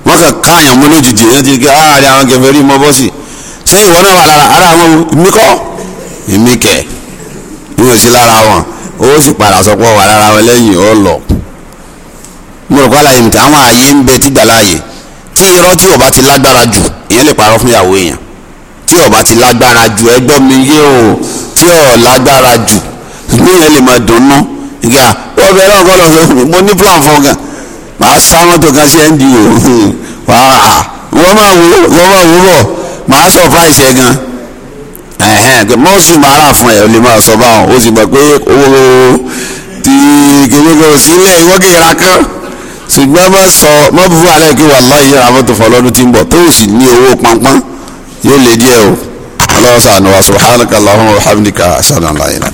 wọ́n kàn káàyàn mú lójijì ti ah, àwọn kẹfẹ́ rí mọ́ bọ́sì ní o sí lára wọn ó sì padà sọpọ̀ wà lára wọn lẹ́yìn ó lọ. mo rò pé àlàyé nìkan àwọn ààyè ń bẹ tí gbàláyè tí irọ́ tí ó bá ti lágbára jù ìyẹn lè parọ́ fún ìyàwó èèyàn tí ó bá ti lágbára jù ẹgbọ́ mi yé o tí ó lágbára jù ṣùgbọ́n ìyẹn lè máa dùnnú ìgbà ó bẹ ẹ̀rọ ọ̀gọ́ lọ́sọ̀rọ̀ mo ní plan fún gan màá sá mọ́tò kan sí ẹ̀ wọ́n máa wò màá sọ fáìsì ẹ̀ gan pé mọ́ọ̀sù mara fún ẹ̀ o lè máa sọ báwọn o sì mọ̀ pé owó ti kìnìún kò sílẹ̀ ìwọ́ kì í ra kán ṣùgbọ́n má sọ má bu fún alẹ́ kí wà lọ́yìn yàrá mọ́tò fún ọlọ́dún tí ń bọ̀ tó o sì ní owó pọnpọ́n yóò lè díẹ̀ o ọlọ́run sànù wa subhanaka Allahumma wa hamdika aṣáná láyé náà.